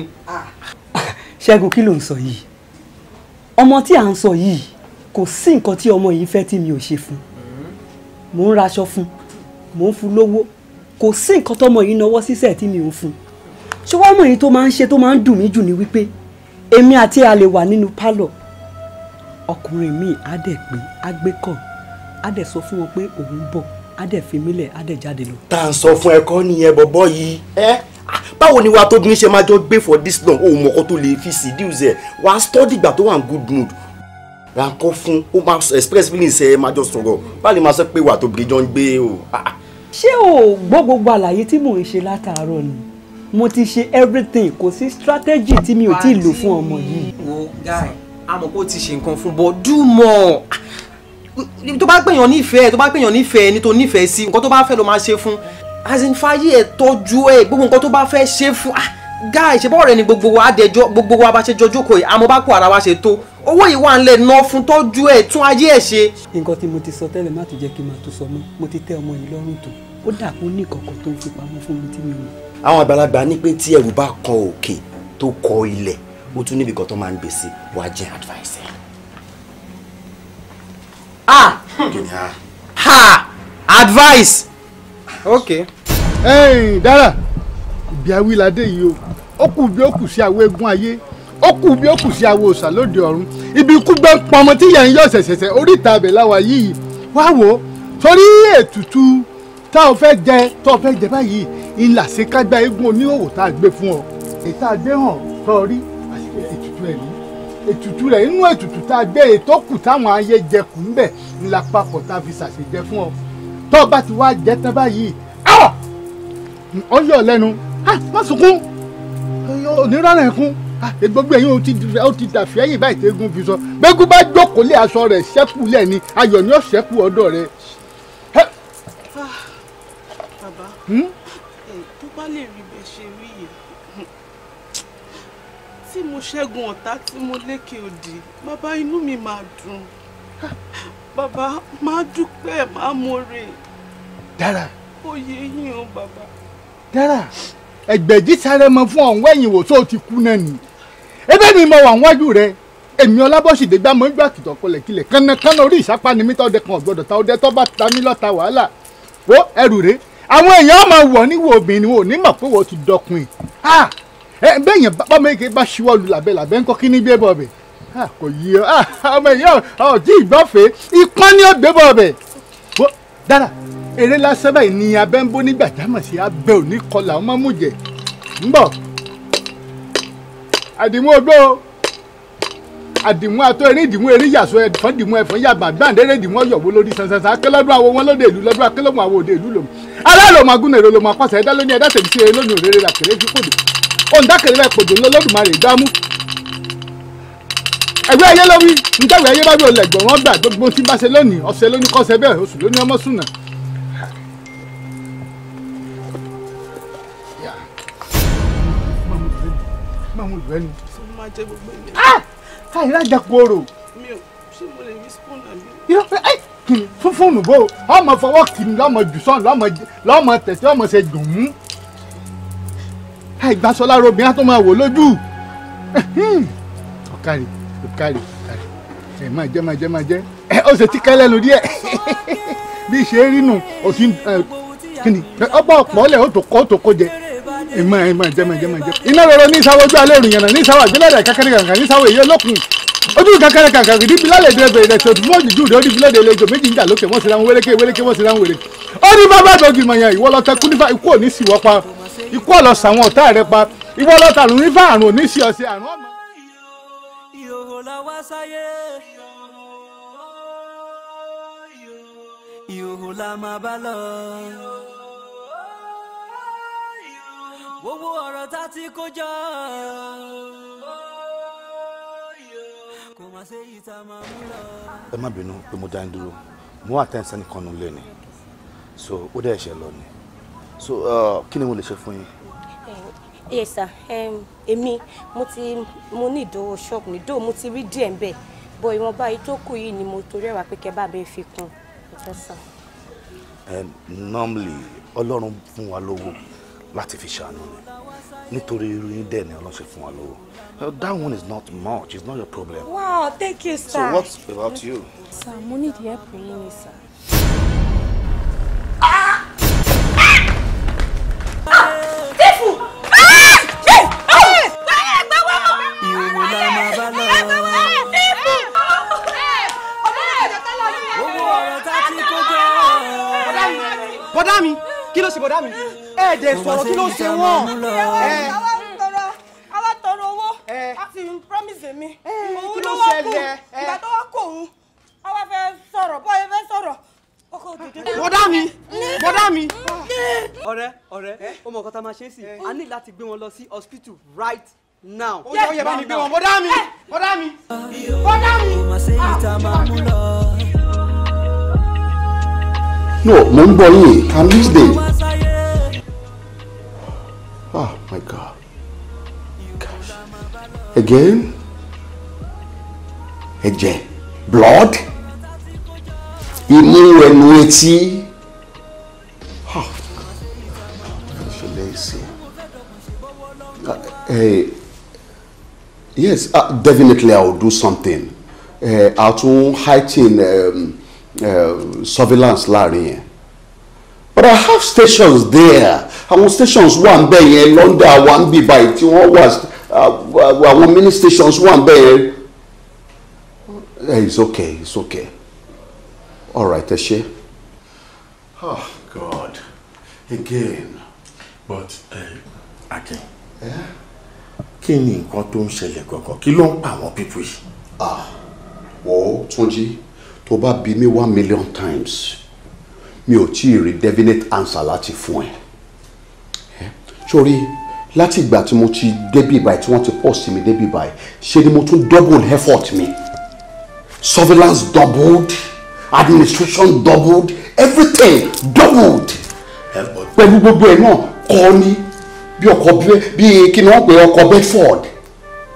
ṣẹ́gun kí ló ń sọ yìí ọmọ tí à ń sọ yìí kò sí nǹkan tí ọmọ yìí fẹ́ tí mi ò ṣe fún mò ń raṣọ fún mò ń fún lówó kò sí nǹkan tọmọ yìí náwó sísẹ̀ tí mi ò fún ṣọwọ́ ọmọ yìí tó máa ń ṣe tó máa ń dùn mí jù ni wípé èmi àti a lè wà nínú pálọ̀ ọkùnrin mi á dẹ̀ pé á gbé kàn á dẹ̀ sọ fún wọn pé òun bọ̀ á dẹ̀ fi mí lẹ̀ á dẹ̀ jáde lọ. tá à ń sọ fún ẹkọ nìyẹn bọbọ yìí ẹ ah, báwo ni wa tóbi ṣe máa jọ gbé for this long òun mọ̀kọ́ tó lè fi seduce ẹ̀ wà á study ìgbà tó wà ní good mood ránkọ́ fún ó máa express feelings ẹ̀ máa jọ sọ̀rọ̀ báyìí máa sọ pé wà tóbi jọ ń gbé o. Ah, ah. ṣé o gbọ́ gbogbo àlàyé tí mò ń ṣe látàárọ̀ ni mo ti ṣe everything kò sí strategy tí mi ò tí ì lò fún ọmọ yìí. wo guy amọ̀ kó ti ṣe nǹkan fún bọ́ do more tó bá pèèyàn nífẹ̀ẹ́ tó bá pèèyàn nífẹ̀ẹ́ ẹni tó nífẹ̀ẹ́ sí nǹkan tó bá fẹ́ ló máa ṣe fún azinfaye ẹ̀ tọ́jú ẹ̀ gbogbo nǹkan tó bá fẹ́ ṣe fún ah guy ṣe bọ́ọ̀rẹ́ ni gbogbo wa dẹjọ́ gbogbo wa bá ṣe jọjọ́ kò yìí àmọ́ bá kó ara wa ṣe tó owó yìí wà ń lẹ̀ ná fún tọ́jú ẹ̀ tún ayé ẹ̀ ṣe. nǹkan tí mo ti sọ tẹ́lẹ̀ má tún jẹ́ kí n máa tún sọ mọ́ mo ti tẹ́ ọmọ yìí lọ́rùn tó ó dà kó ní ìkọ̀kọ̀ tó ń fi pamọ́ fún mi tí mi mọ̀. àwọn àgbàlagbà ní pé tí ẹrù bá kan òkè tó kọ ilẹ̀ ó tún níbi kan tó máa ń gbèsè wàá jẹ́ advice ah ha advice. Okay. ẹyìn dára ibi awilade yìí o ó kù bí ó kù sí àwo eégún ayé ó kù bí ó kù sí àwo òòṣà lóde ọ̀run ibi ikú gbẹ́ pọnmọ tí yẹn ń yọ ṣẹ̀ṣẹ̀ṣẹ̀ oríta abẹ̀ láwa yìí wá wò ó torí ètùtù tá ò fẹ́ jẹ tó ò fẹ́ jẹ báyìí ìlà sí kágbá eégún oníhòòhò tá a gbé fún ọ èyí tá a gbé hàn tó rí ètùtù ẹ̀ ní ètùtù rẹ̀ inú ètùtù tá a gbé ètò kù táwọn ayé jẹ kù ń bẹ̀ ńlá papọ̀ tá a fi ṣàṣejẹ fún ọ tó bá ti wá jẹ tán báyìí ọ yọ lẹ́nu má sunkún onírànà ẹkún gbogbo ẹ̀yin ó ti dàfẹ́ ẹ̀yìn báyìí tẹ́gùn fi sọ gbẹ́gùn bá jókòó lé aṣọ rẹ̀ ṣẹ́kù lẹ́ni ayọ̀ ni ó ṣẹ́kù ọ̀dọ̀ rẹ̀. Ah, bàbá hmm? tó bá lè rí tí mo ṣẹ́gun ọ̀tá tí mo lékè òdì bàbá inú mi máa dùn bàbá máa dúpẹ́ máa mórè. dára. oyè yín o bàbá. dára ẹgbẹ̀jì sáré mọ fún ọ̀hún ẹ̀yìn wò tó o ti kú náà ni ebe mi mọ wà wájú rẹ èmi ọlábọ̀sídẹ̀ gbá mọ́ ń gbà kìtọ̀kọlẹ̀ kílẹ̀ kánnakánná orí ìsápá ni mítọ́ de kan ọ̀gbọ́dọ̀ ta ọdẹ tọ́ bá ta mí lọ́ta wàhálà wo ẹrù rèé àwọn èèyàn máa wọ̀ níwò obìnrin wo onímọ̀ pé wo ti dọkùn yìí ah! ẹ eh, bẹ́yẹn bá mẹ́kẹ́ bá ṣíwọ́lu làbẹ́ làbẹ́ ńkọ́ kí ní gbé bọ̀ bẹ̀ kò yí ọ ah, ọmọ ìyá ọ̀dí ìgbọ́fẹ́ ipá ní ọ̀gbẹ́ bọ̀ bẹ̀ dára eré lásán báyìí ni abẹ́ ń bó nígbà jámọ̀ sí abẹ́ òní kọlà ọmọ mú jẹ ń bọ̀ àdìmú ogbó àdìmú atọ́ eré ìdìmú eré yàsọ ẹ̀fọ́n dìmú ẹ̀fọ́n yàgbà gbàǹdéré ìdìmú ọ̀yọ̀wó lórí sànsànsà akẹ́lọ́dún àwọn wọn lóde ìlú lọ́dún akẹ́lọ́mọ àwọn òde ìlú lòmù aláàlọ́mọ agúnà èrò lòmù akọ́sẹ̀ ẹ̀dá lóní ẹ̀dá tẹ̀lé sí eré lónìí òrèrè rà kéré fífòdì ohun dákẹ́rẹ́ rẹ̀ pòjò lọ́lọ́dúnmarè gbámú. ẹgbẹ́ ayé lórí njẹ́wẹ́ ayé bá bí olè gbọ̀n wọ́n gbà gbogbo tí bá ṣe lónìí ọ̀sẹ̀ lónìí kọ́sẹ̀ bẹ́ẹ̀ oṣù lónìí ọmọ sùn náà. máwọn ìlú ẹnu. ṣé mo máa jẹ gbogbo ilé. káyìí lájà kúrò. mi ò ṣé mo lè rí spoon àbí. irọ́ pé ẹ́ kì í fún fóònù bó ọmọ fọwọ́ kì í lọ́mọ jù sọ́ọ̀n lọ́mọ tẹ̀sí ọmọ ṣe dùn ún àìgbàsọ́lá robin á tó máa wò lójú ọ̀kàrì ọ̀kàrì ọ̀kàrì ẹ̀ máa jẹ́ máa jẹ́ máa jẹ́ ẹ̀ ó ṣe tí kẹ́lẹ́ lórí ẹ̀ bí ṣe rí nù òsì kìnnì ọ̀pọ̀ ọ̀pọ̀ lẹ̀ ó tó kọ́ ó tó kó jẹ ẹ̀ máa ẹ̀ máa jẹ́ máa jẹ́ máa jẹ́. iná rọrọ ní ìsáwọ́ ojú alẹ́ òrùn yànnà ní ìsáwọ́ àgbélẹ̀dẹ̀ kankan kankan ní ìsáwọ́ èyí olókun ojú kankan kankan kìdí bilálẹ̀ dẹ̀bẹ̀ rẹ̀ tó mọ́ jù dùn lórí bilálẹ̀ ilé ìjọ méjì ń jà lókè wọ́n ti ra wọn wélékè wélékè wọ́n ikú ọ̀lọ́sàn àwọn ọ̀tá rẹ pa ìwọ ọlọ́ta ló ní bá àrùn òní sí ọ̀sẹ̀ àrùn ọ̀mọ. gbogbo ọ̀rọ̀ tá ti kó jọ. kò má ṣe yìí tá máa mú lọ. ẹ má bínú pé mo dá ń dúró mo wà tẹ́ǹsán nìkan nù lé ni so ó dẹ̀ ṣe lọ ni so uh, kí ni mo lè ṣe fún yín. Eh, yes sir èmi mo ti mo ní ìdówó ṣọ́ọ̀bù ní dóò mo ti rí díẹ̀ ńbẹ̀ bọ̀ ìwọ̀nba yìí tó kù yìí ni mo torí ẹ̀wà pé kẹ́ bá mi fi kún ọ̀tọ̀ sàn. normally ọlọ́run fún wa lówó láti fi ṣàánú ni nítorí irú yín dẹ̀ ni ọlọ́run ṣe fún wa lówó that one is not much it's not your problem. wow thank you sir. so what about you. sir mo need help yín ni sir. ìhòòhò la máa bá lọ. owó ọ̀rọ̀ tá a ti kó jọ. bọ́dá mi kí ló ṣe bọ́dá mi ẹ̀ẹ́dẹ̀ sọ̀rọ̀ kí ló ṣe wọ́n. àwa tọrọ owó àti promise mi òun ló wá kù ìgbà tó wá kù òun àwa fẹ́ sọ̀rọ̀ bọ́ọ̀ fẹ́ sọ̀rọ̀ bọ́dá mi bọ́dá mi. ọ̀rẹ́ ọ̀rẹ́ ó mọ máa ṣe é sí a ní láti gbé wọn lọ sí hospital right now. ó yẹ bá mi gbé wọn bọ́dá mi bọ́dá mi bọ́dá ah, mi. no mo ń gbọ́ yín i'm listening. oh my god gosh again ẹ̀jẹ̀ blood imú ẹnu etí. Hey, ah yes uh, definitely i will do something uh, i will heighten um, uh, surveillance láàrin yẹn but i have stations there àwọn stations wà ń bẹ yẹn London wà ń bí báyìí tí wọ́n wà uh, mini stations wà ń yẹn eh, it's okay it's okay all right ẹ ṣe. oh ah, god again but uh, akin. Okay. Yeah? kí ni nǹkan tó ń ṣẹlẹ̀ gangan kí ló ń pa àwọn pípọ̀ yìí. ah wọ́ túnjí tó bá bi mí one million times mi ò tí ì rí definite answer láti fún ẹ sórí láti ìgbà tí mo ti débì báyìí tí wọ́n ti pọ̀ sí mi débì báyìí ṣe ni mo tún double effort mi surveillance doubled administration doubled everything doubled pẹ̀lú gbogbo ẹ̀ náà kọ́ ni bí ọkọ bí kí ni wọ́n pè ọkọ Bedford.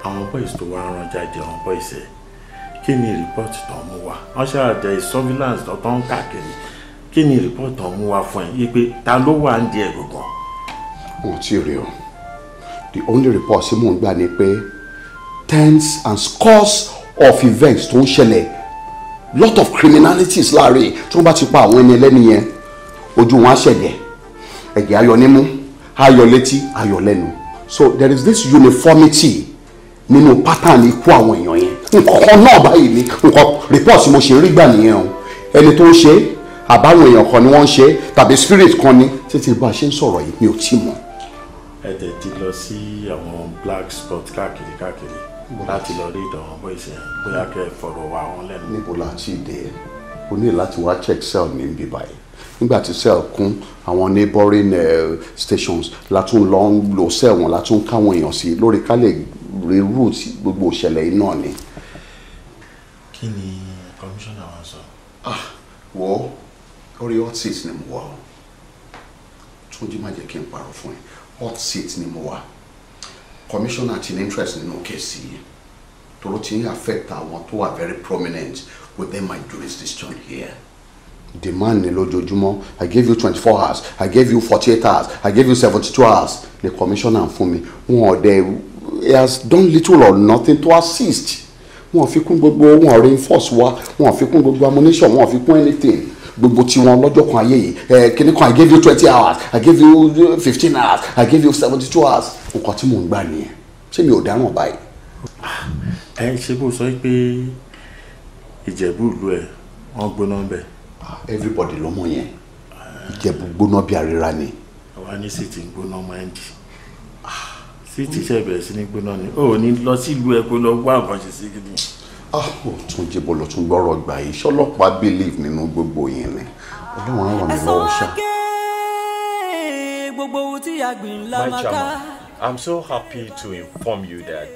àwọn boys tó wá rán jáde àwọn boys ẹ kí ni rìpọ́tì tó mú wa wọ́n ṣàdẹ surveillance tó ń káàkiri kí ni rìpọ́tì tó ń mú wa fún ẹ yí pé ta ló wà ń di ẹ̀ gbọ̀ngàn. wọn ò rí o the only report sí mò ń gbà ni pé tens and scores of events tó ń ṣẹlẹ̀ lot of criminalities láàrin tí wọ́n bá ti pa àwọn ẹni ẹlẹ́ni yẹn ojú wọn á ṣẹ̀gẹ̀ ẹ̀jẹ̀ ayọ̀ nímú ayọ̀ létí ayọ̀ lẹ́nu so there is this uniformity nínú pattern ikú àwọn èèyàn yẹn nǹkan náà báyìí ni nǹkan report mo ṣe rí gbà nìyẹn o ẹni tó ń ṣe àbáwọn èèyàn kan ni wọ́n ń ṣe tàbí spirit kan ni títí bá a ṣe ń sọ̀rọ̀ yìí mi ò tí mọ̀. ẹ tẹ̀ ti lọ sí àwọn black spot káàkiri káàkiri láti lọ rí ìdánwò bó ìṣe bóyá kẹ́ ẹ fọ̀rọ̀ wá wọn lẹ́nu. níbo la ti dé o ní láti wá check cell ní bíbá nígbà tí cell kún àwọn neighboring uh, stations látún lọ ń lo cell wọn látún káwọn èèyàn sí lórí ká lè rí root gbogbo ìṣẹ̀lẹ̀ yìí náà ni. kí ni commissioner wa sọ. ah wọ́ orí hot seat ni mo wà o túnjí má jẹ́ kí n parọ́ fún ẹ hot seat ni mo wà commissioner ti ní interest nínú kéèsì yìí tòró ti ń affect àwọn tó wà very prominent within my jurisdiction here demand ni lójoojúmọ́ i gave you twenty four hours i gave you forty eight hours i gave you seventy two hours The commissioner fún mi wọn ò dẹ he has done little or nothing to assist wọn ò fi kún gbogbo wọn reinforce wa wọn ò fi gbogbo ammunition wọn ò fi kún anything gbogbo tiwọn lọ́jọ́ kan ayé yìí ẹ kíní kan i gave you twenty hours i gave you fifteen hours i gave you seventy two hours nǹkan tí mò ń gbà nìyẹn ṣé mi ò dáràn báyìí. Ah, ẹ ṣe bó sọ pé ìjẹ̀bú ìlú ẹ̀ wọ́n gbóná bẹ́ẹ̀ everybody ló mọ̀ yẹn ìjẹ̀bú gbóná bí àríra ni. àwa ní sì ti ń gbóná mọ́ẹ́ndì sí ti ṣe bẹ̀rẹ̀ sí ní gbóná ni ó ní lọ sílùú ẹ kó lọ wá nǹkan ṣe sí gidi. ó tún jẹ́bọ̀ lọ tún gbọ́rọ̀ gbà yìí ṣọlọ́pàá believe nínú gbogbo yẹn ni ọlọ́run á ràn mí lọ́wọ́ ṣá. gbogbo ohun tí I'm so happy to inform you that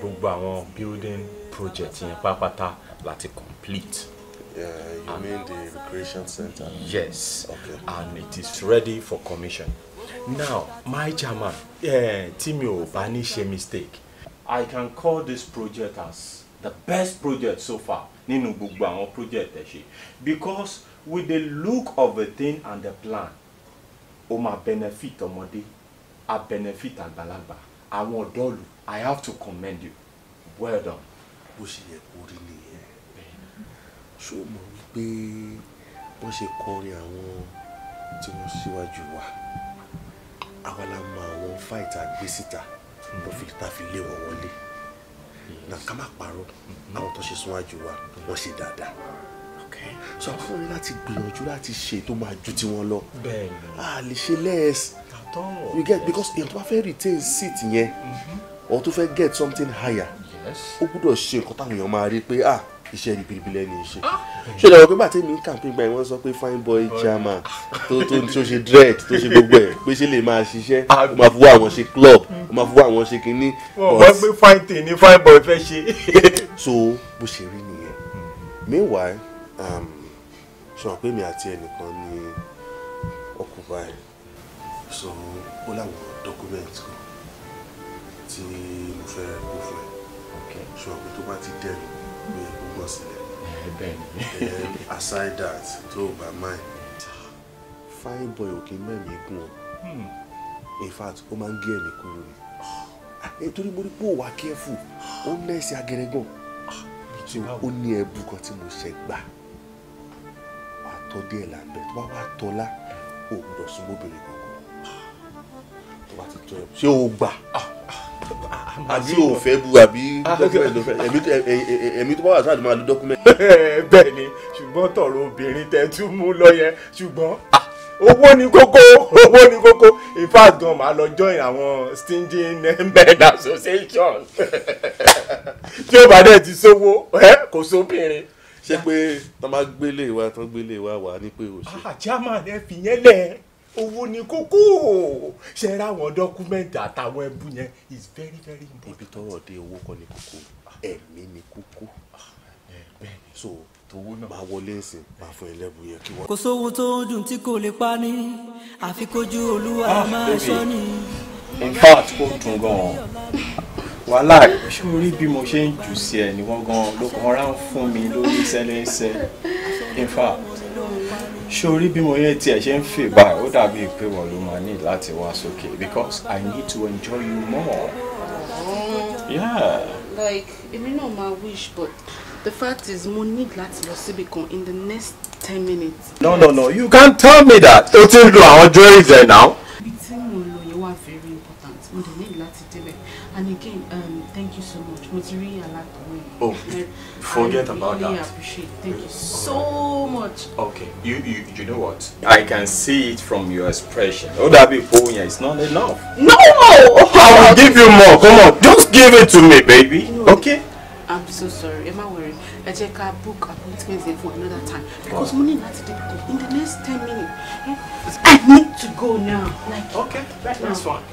gbogbo àwọn building project yẹn pátápátá láti complete. Yeah, you mean the recreation center? Yes. Okay. And it is ready for commission. Now, my chairman, uh, eh, Timmy Obani, ṣe mistake. I can call this project as the best project so far nínú gbogbo àwọn project ẹ because with the look of a thing and the plan ó máa benefit ọmọdé a benefit I want ọ̀dọ́ọ̀lù I have to commend you well done. bó ṣó mọ̀ wípé wọ́n ṣe kọrin àwọn tí wọ́n ṣíwájú wa àwa la mọ àwọn fáìtà gbé síta hmm. lọ́fíìlítà fi lé wọn wọlé hmm. na ká má parọ́ hmm. àwọn tó ṣe súnwájú wa wọ́n ṣe dáadáa so àwọn fún mi láti gbìyànjú láti ṣe tó máa ju tiwọn lọ a lè ṣe less you get because èèyàn tó bá fẹ́ retain seat yẹn or tó fẹ́ get something higher ó gbúdọ̀ ṣe nǹkan táwọn èèyàn máa rí pé ah iṣẹ́ ribiribirẹ ni iṣẹ́ ah. ṣé ìdàgbọ́ pé bàtẹ́ mi ń kàmpé gba ìwọ́n sọ pé fine boy chairman tó tó tó ṣe dread tó ṣe gbogbo ẹ̀ pé ṣé lè máa ṣiṣẹ́ ah. ó máa fowó àwọn ṣe club ó máa fowó àwọn ṣe kínní. wọ́n gbé fine thing ni fine boy fẹ́ ṣe. so bó ṣe rí nìyẹn meanwhile um, ṣe wọn pé mi àti ẹnìkan ni ọkùnrin báyìí so ó láwọn document kan tí mo fẹ́ kó fún pé tó bá ti dẹ́nu gbé púpọ̀ sílẹ̀ eh, aside that tó o bá mind. fine boy ò kí ń gùn o hmm. in fact ó máa ń gé ẹ̀mí kúrò ni nítorí eh, mo rí pé ó wà careful ó ń nẹ́ẹ̀sì agẹrẹgàn tí ó ní ẹbú kan tí mo ṣe gbà wà á tọ́ díẹ̀ lábẹ́ tó bá wà á tọ́lá òun lọ sún lóbìnrin kankan tó bá ti tọ́ ẹ ṣé o gbà. Ah. àti òfẹ́ bu àbí ah, ẹ̀mí tó bá wà sáà tó máa lo document. Eh, bẹ́ẹ̀ ni ṣùgbọ́n tọ̀rọ̀ obìnrin tẹ́ tún mú lọ ṣùgbọ́n owó ní kókó owó ní kókó in fact máa lọ join àwọn stinging men association tí ó bá dẹ̀ ti sówó kò sóbìnrin ṣé pé tọ́ bá gbélé wa tọ́ gbélé wa wà ní pé òṣèlú. àjàmà ah, ẹ fìyẹn lẹ̀ owó ni kókó ṣe ra àwọn dọ́kúmẹ́ǹtì àtàwọn ẹbú yẹn is very very important. ibi tọrọ dé owó kọ́ ni kókó ẹ̀mí ni kókó so tówó náà máa wọlé ẹsìn máa fún ẹlẹ́bù yẹn kí wọ́n. kò sóhun tó ń dùn tí kò lè pa ní àfi kójú olúwa ah, máa ṣọ́ ni. in fact ó dùn gan-an wàhálà sórí bí mo ṣe ń jù sí ẹ ni wọ́n gan ló kàn rán fún mi lórí sẹ́lẹ́sẹ́ in fact sórí bí mo yẹ tiẹ̀ ṣe ń fè báyìí ó dàbí pé wọ́n ló máa ní láti wá sókè because I need to enjoy you more. Yeah. like èmi náà máa wish but the fact is mo need láti lọ síbi kan in the next ten minutes. no no no you can't tell me that. o ti ń lo àwọn jewelry there now yẹn very important mo dẹ̀ need láti débẹ̀ and again um, thank you so much mo ti rí alákọ̀wé yẹn. oh forget I about that I really appreciate thank you so much. okay you you you know what I can see it from your expression ó dàbí ìpòwò yẹn it's not enough. no oh, I will give you more come on just give it to me baby no. okay. I'm so sorry. Am I worried? Ẹ jẹ́ ká book appointment for another time because mo ní láti dé in the next ten minutes. Eh? I eh, need to go now. Like, okay, right that's now. fine.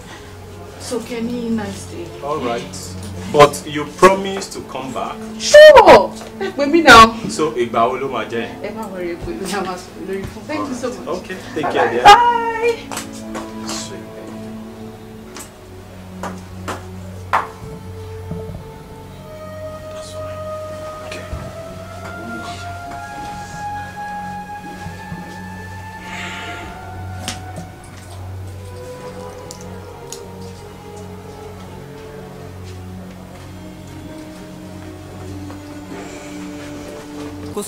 So Kenny, nice day. All right. But you promise to come back. Sure. With me now. So ìgbà wo ló worry Thank you so much. Okay, take Bye -bye. care dear. Bye.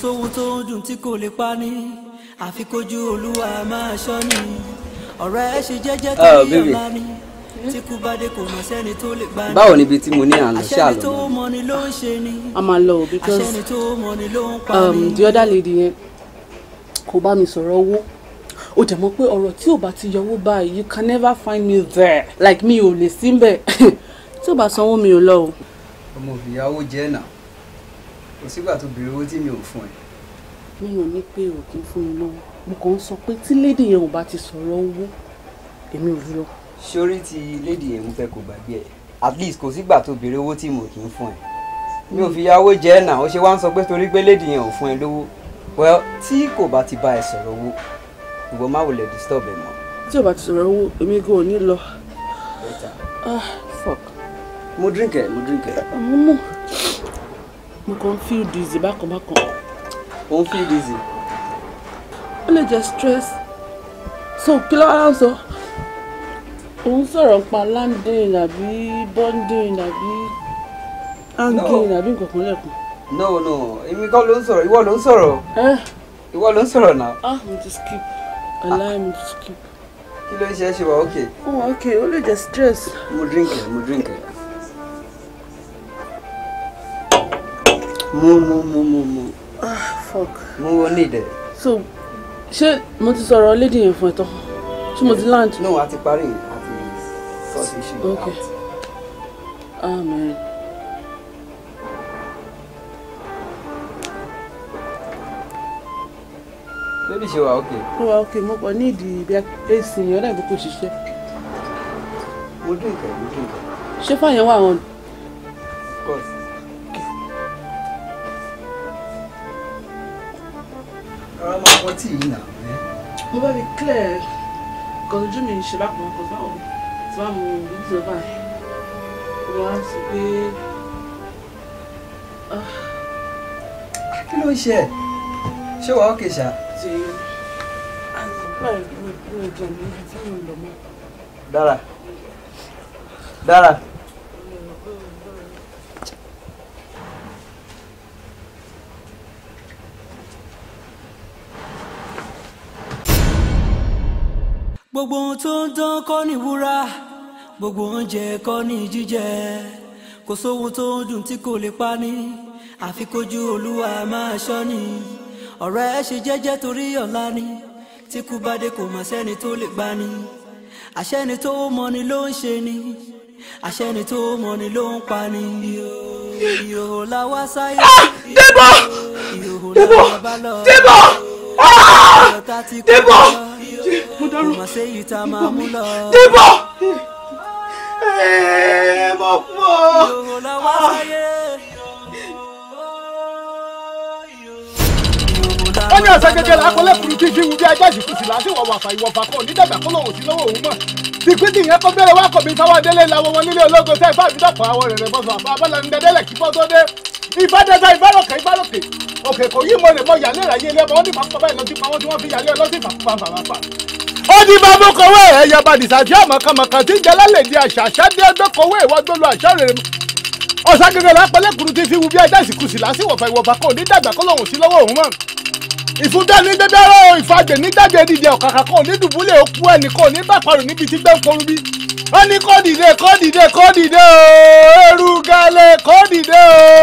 sóhun tó ń dùn tí kò lè pa ní àfi kójú olúwa máa ṣọ́ ni ọ̀rọ̀ ẹ ṣe jẹ́jẹ́ tó ah, ní ọ̀la ni tí kú bá dé kò mọ̀ sẹ́ni tó lè gbani. báwo ni ibi tí mo ní à ń lọ ṣáà lọ. tó mọ ni ló ń ṣe ni. a because àṣẹni tó mọ ni ló ń pa um, ni. the other lady yẹn kò bá mi sọ̀rọ̀ owó o dẹ̀ mọ̀ pé ọ̀rọ̀ tí ò bá ti yọwọ́ báyìí you can never find me there like me, ò lè sí mbẹ̀ tí ò bá sanwó mi ò lọ o. ọmọ ìyàwó jẹ́ náà kò sígbà tó béèrè owó tí mi ò fún ẹ. mi ò ní pé o kì í fún mi lọ́wọ́ mo kàn ń sọ pé tí lédè yẹn ò bá ti sọ̀rọ̀ owó èmi ò lọ. sórí ti lédè yẹn ń fẹ́ kó gbàgbé ẹ̀ at least kò sígbà tó béèrè owó tí mo kì í fún ẹ. mi ò fi yáwó jẹ ẹ́ náà ó ṣe wá ń sọ pé torí pé lédè yẹn ò fún ẹ lówó well tí kò bá ti bá ẹ sọ̀rọ̀ owó ìwọ má wulẹ̀ disturb ẹ mọ́. tí ò bá ti sọ̀rọ̀ owó èmi gan ò lọ. ah fuck. mo drink ẹ mo drink ẹ mo kàn ń feel dizzy bákan bákan. ò ń feel dizzy. ó lè jẹ́ stress so kí ló wá sọ òun sọ̀rọ̀ pa landing àbí bonding àbí hanging àbí nǹkan kan lẹ́kùn. no no èmi kọ́ ló ń sọ̀rọ̀ ìwọ ló ń sọ̀rọ̀ ìwọ ló ń sọ̀rọ̀ náà. ah mo ti skip ah. aláì mo ti skip. kí ló ń ṣe é ṣe wá ok. ó wà ok ó lè jẹ́ stress. mo drink ẹ mo drink ẹ. mo mo mo mo mo. ah fuck. mo wo ní ìdẹ. so ṣé mo ti sọ̀rọ̀ lady yẹn fún ẹ tán ṣé mo ti land. no a ti parí a ti sort issue out. okay amen. Ah, lady ṣe wa okay. ó wa okay mo kàn ní ìdí ibi èsì yẹn ọ̀dà ìbùkún ṣiṣẹ́. mo dín nǹkan mo dín nǹkan. ṣé fàyẹ̀wò àwọn. of course. pátì yìí nà. mo bá mi clear kò ojú mi ṣe bákan kò bá òun tí wàá mu ìdílé báyìí wọ́n á sọ pé ah. kí ló ń ṣe ẹ ṣé wàá òkè ṣá. dára dára. gbogbo ohun tó ń dán kọ́ ní wúrà gbogbo oúnjẹ kọ́ ní jíjẹ kò sóhun tó ń dùn tí kò lè pa ní àfi olúwa máa ṣọ́ ni ọ̀rọ̀ ẹ ṣe jẹ́jẹ́ torí ọ̀la ni tí kú bá dé kò mọ̀ sẹ́ni tó lè gbà ni àṣẹ́ni tó mọ̀ ni ló ń ṣe ni àṣẹ́ni tó mọ̀ ni ló ń pa ni. ìhòòhò la wá sáyé. Ah! débọ̀ débọ̀ débọ̀ ah! débọ̀ mo dárò dìbò mo fún ọ. ó ní ọ̀sẹ̀ gẹ́gẹ́ la kọ́lé kuru kí kíwu bí ajá ìsìnkú sí láti wọ̀ wàfà ìwọ̀fà kọ́ onídàgbà kọ́ lòun lọ́wọ́ òun mọ̀ tìpítì yẹn kọ́ bẹ̀rẹ̀ wákọ̀ mi táwọn délé làwọn wọn nílé ológo tẹ́ ìfá mi dàpọ̀ àwọn rẹ̀rẹ̀ bọ́sọ̀ àpá abọ́lá ní dẹ́dẹ́lẹ̀ kí bọ́ tó dé ìbádẹ́ta ìbárọ̀kẹ́ ìbárọ̀kẹ́ òkè kò yí mo lè mọ yàlẹ́ ìràyè ilé ọmọ ó ní báyìí lọ́sí pa wọ́n tí wọ́n fi yàlẹ́ ọlọ́sí pàpọ̀ pàpàpà ó di bàbá kọ̀wé ẹ̀yà bàdìsá tí àmọ̀kàmọ̀kà tí jẹ́lá lè àṣà àṣàdé ẹgbẹ́ kọ̀wé ìwádọ́lù àṣà rẹ̀ ọ̀sán gẹ́gẹ́ lápẹ́lẹ́kùnrin ti fi wu bí ẹja ìsìnkú sí lásìwọ̀fà ìwọ̀fà kò ní dàgbà kọ́ sí lọ́wọ́ òun mọ́ ìfúntẹ́ni dẹ́dẹ́rẹ́ ìfàjẹ̀ nígbàjẹ́ dìde ọ̀kàkà kan ní dùbúlẹ̀ òkú ẹnì kan ní bàparò níbi tí gbẹ́ ń korú bí. ó ní kó dìde kó dìde kó dìde o erugalẹ̀ kó dìde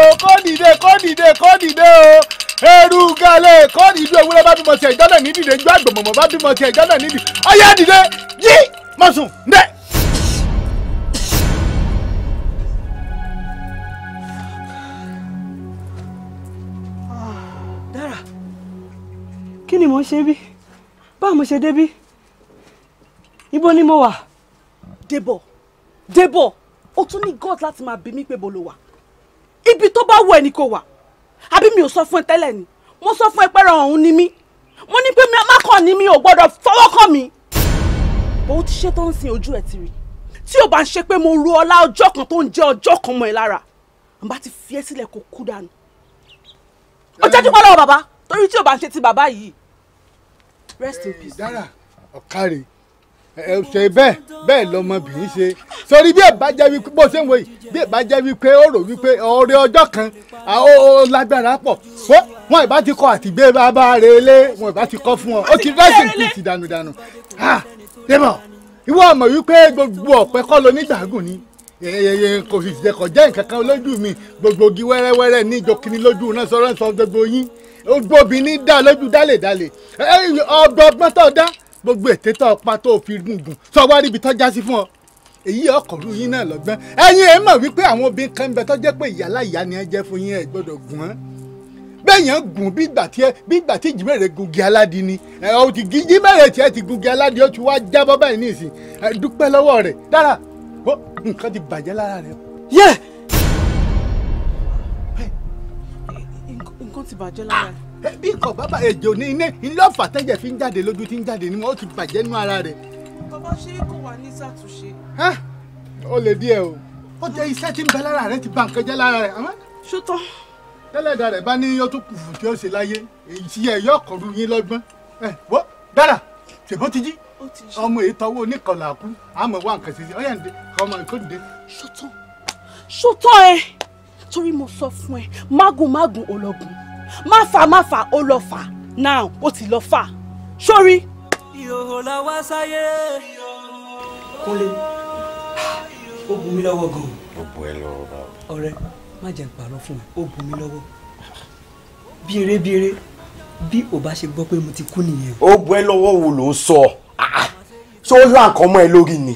o kó dìde kó dìde kó dìde o erugalẹ̀ kó dìde ewúrẹ́ bá bímọ tiẹ̀ ìjọ́nà ní dìde ju àgbọ̀mọ̀mọ̀ bá bímọ tiẹ̀ ìjọ́nà ní dìde ọ̀yá dìde yí mọ̀sùn ndẹ́ kí ni mò ń ṣe bí báwo mo ṣe débí ibo ni mo wà. Debo, débọ̀ o tún ní god láti máa bí mi pé bo ló wà ibi tó bá wọ ẹ ni kò wà àbí mi ò sọ fún ẹ tẹ́lẹ̀ ni mo sọ fún ẹ pé ẹran ọ̀hún ni mí mo ní pé má kàn ní mi ò gbọ́dọ̀ fọwọ́ kàn mí. bó ti ṣe tó ń sin ojú ẹ ti rí tí o bá ń ṣe pé mo ru ọlá ọjọ́ kan tó ń jẹ́ ọjọ́ kan mọ́ ẹ lára n bá ti fi ẹ́ sílẹ̀ kó kú dànù. ó dúpọ́ lọ́wọ́ bàbá torí tí o bá ń ṣe ti bàbá yìí rest in peace. dára ọ̀kárẹ̀ ẹ ṣe bẹ́ẹ̀ bẹ́ẹ̀ lọmọbìnrin ṣe sórí bí ẹ bá jẹ́ wípé bó ṣe ń wòye bí ẹ bá jẹ́ wípé ó rò wípé ọ̀rẹ́ ọjọ́ kan ó lágbára pọ̀ wọn ìbá ti kọ àtìgbé bàbá rẹ̀ lé wọn ìbá ti kọ fún ọ ó ti rest in peace dànù dànù ah débọ̀ ìwọ ọmọ wípé gbogbo ọ̀pẹ kọ́ ló ní gbàgùn ni kò sì jẹ́ kọjá nǹkan kan lójú mi gbogbo igi wẹ́rẹ́wẹ́rẹ́ ní ìjọkìnrin lójú náà sọ gbogbo obìnrin dá lójú dálè dálè ọgbọ́n ọgbọ́n tó dá gbogbo ètè tó pa tó fi gùngùn tó wá ríbi tó já sí fún ọ èyí ọkọ̀rú yín náà lọ́gbọ́n ẹ̀yin ẹ̀ mọ̀ wípé àwọn obìnrin kan ń bẹ tó jẹ́ pé ìyá láyà ni ẹ jẹ́ fún yín ẹ̀ gbọ́dọ̀ gùn án bẹ́ẹ̀yàn gùn bí ìgbà tí bí ìgbà tí ìjímẹ̀rẹ̀ gungi aládì ni ẹ̀ ọ́ ti ìjímẹ̀rẹ̀ tiẹ̀ ti gungi aládì ó ti wá jábọ́ báyìí nísìn ẹ̀ dúpẹ́ lọ́wọ́ rẹ̀ dára ó nǹkan ti bàjẹ́ lára rẹ̀. yẹ́ẹ̀ ó ti bàjẹ́ lára ẹ̀. Ah, eh, bí nǹkan bàbá ẹ̀jẹ̀ ní iná ilé ọ̀fà tẹ́jẹ̀ fi ń jáde lójú tí ń jáde ni wọ́n ti bàjẹ́ nú ara rẹ̀. bàbá ṣé kò wá ní ṣàtúnṣe. ó lè díẹ̀ o ó jẹ́ iṣẹ́ tí ń bẹ lára rẹ̀ ti bà nǹkan jẹ́ lára rẹ̀. ṣótọ́. tẹ́lẹ̀dà rẹ̀ bá ní ó tún kùfù tí ó ṣe láyé èyí ẹ̀ yọ ọkọ̀ yín lọ́gbọ́n ẹ̀ eh, wọ́ dára ṣèbó ti jí ọmọ ìtọ́wọ́ oníkọlà kú àmọ́ wà nǹkan ṣe ọyàn dé ọmọ nǹkan dé. ṣótọ́ ṣótọ́ ẹ torí mo sọ fún ẹ mágùnmágùn ológun má fà má fà ó lọ fà now ó ti lọ fà sórí. ìhòòhò la wá sáyé. kúnlé ó bù mí lọ́wọ́ gan-an. gbogbo ẹ lọ rà o. ọ̀rẹ́ má jẹ́ n pààrọ̀ fún ẹ ó bù mí lọ́wọ́ bí bí eré bá ṣe gbọ́ pé mo ti kú nìyẹn. ó bù ẹ lọ́wọ́ wo ló ń sọ ah, ah. ṣé ó láǹkan mọ́ ẹ lórí ni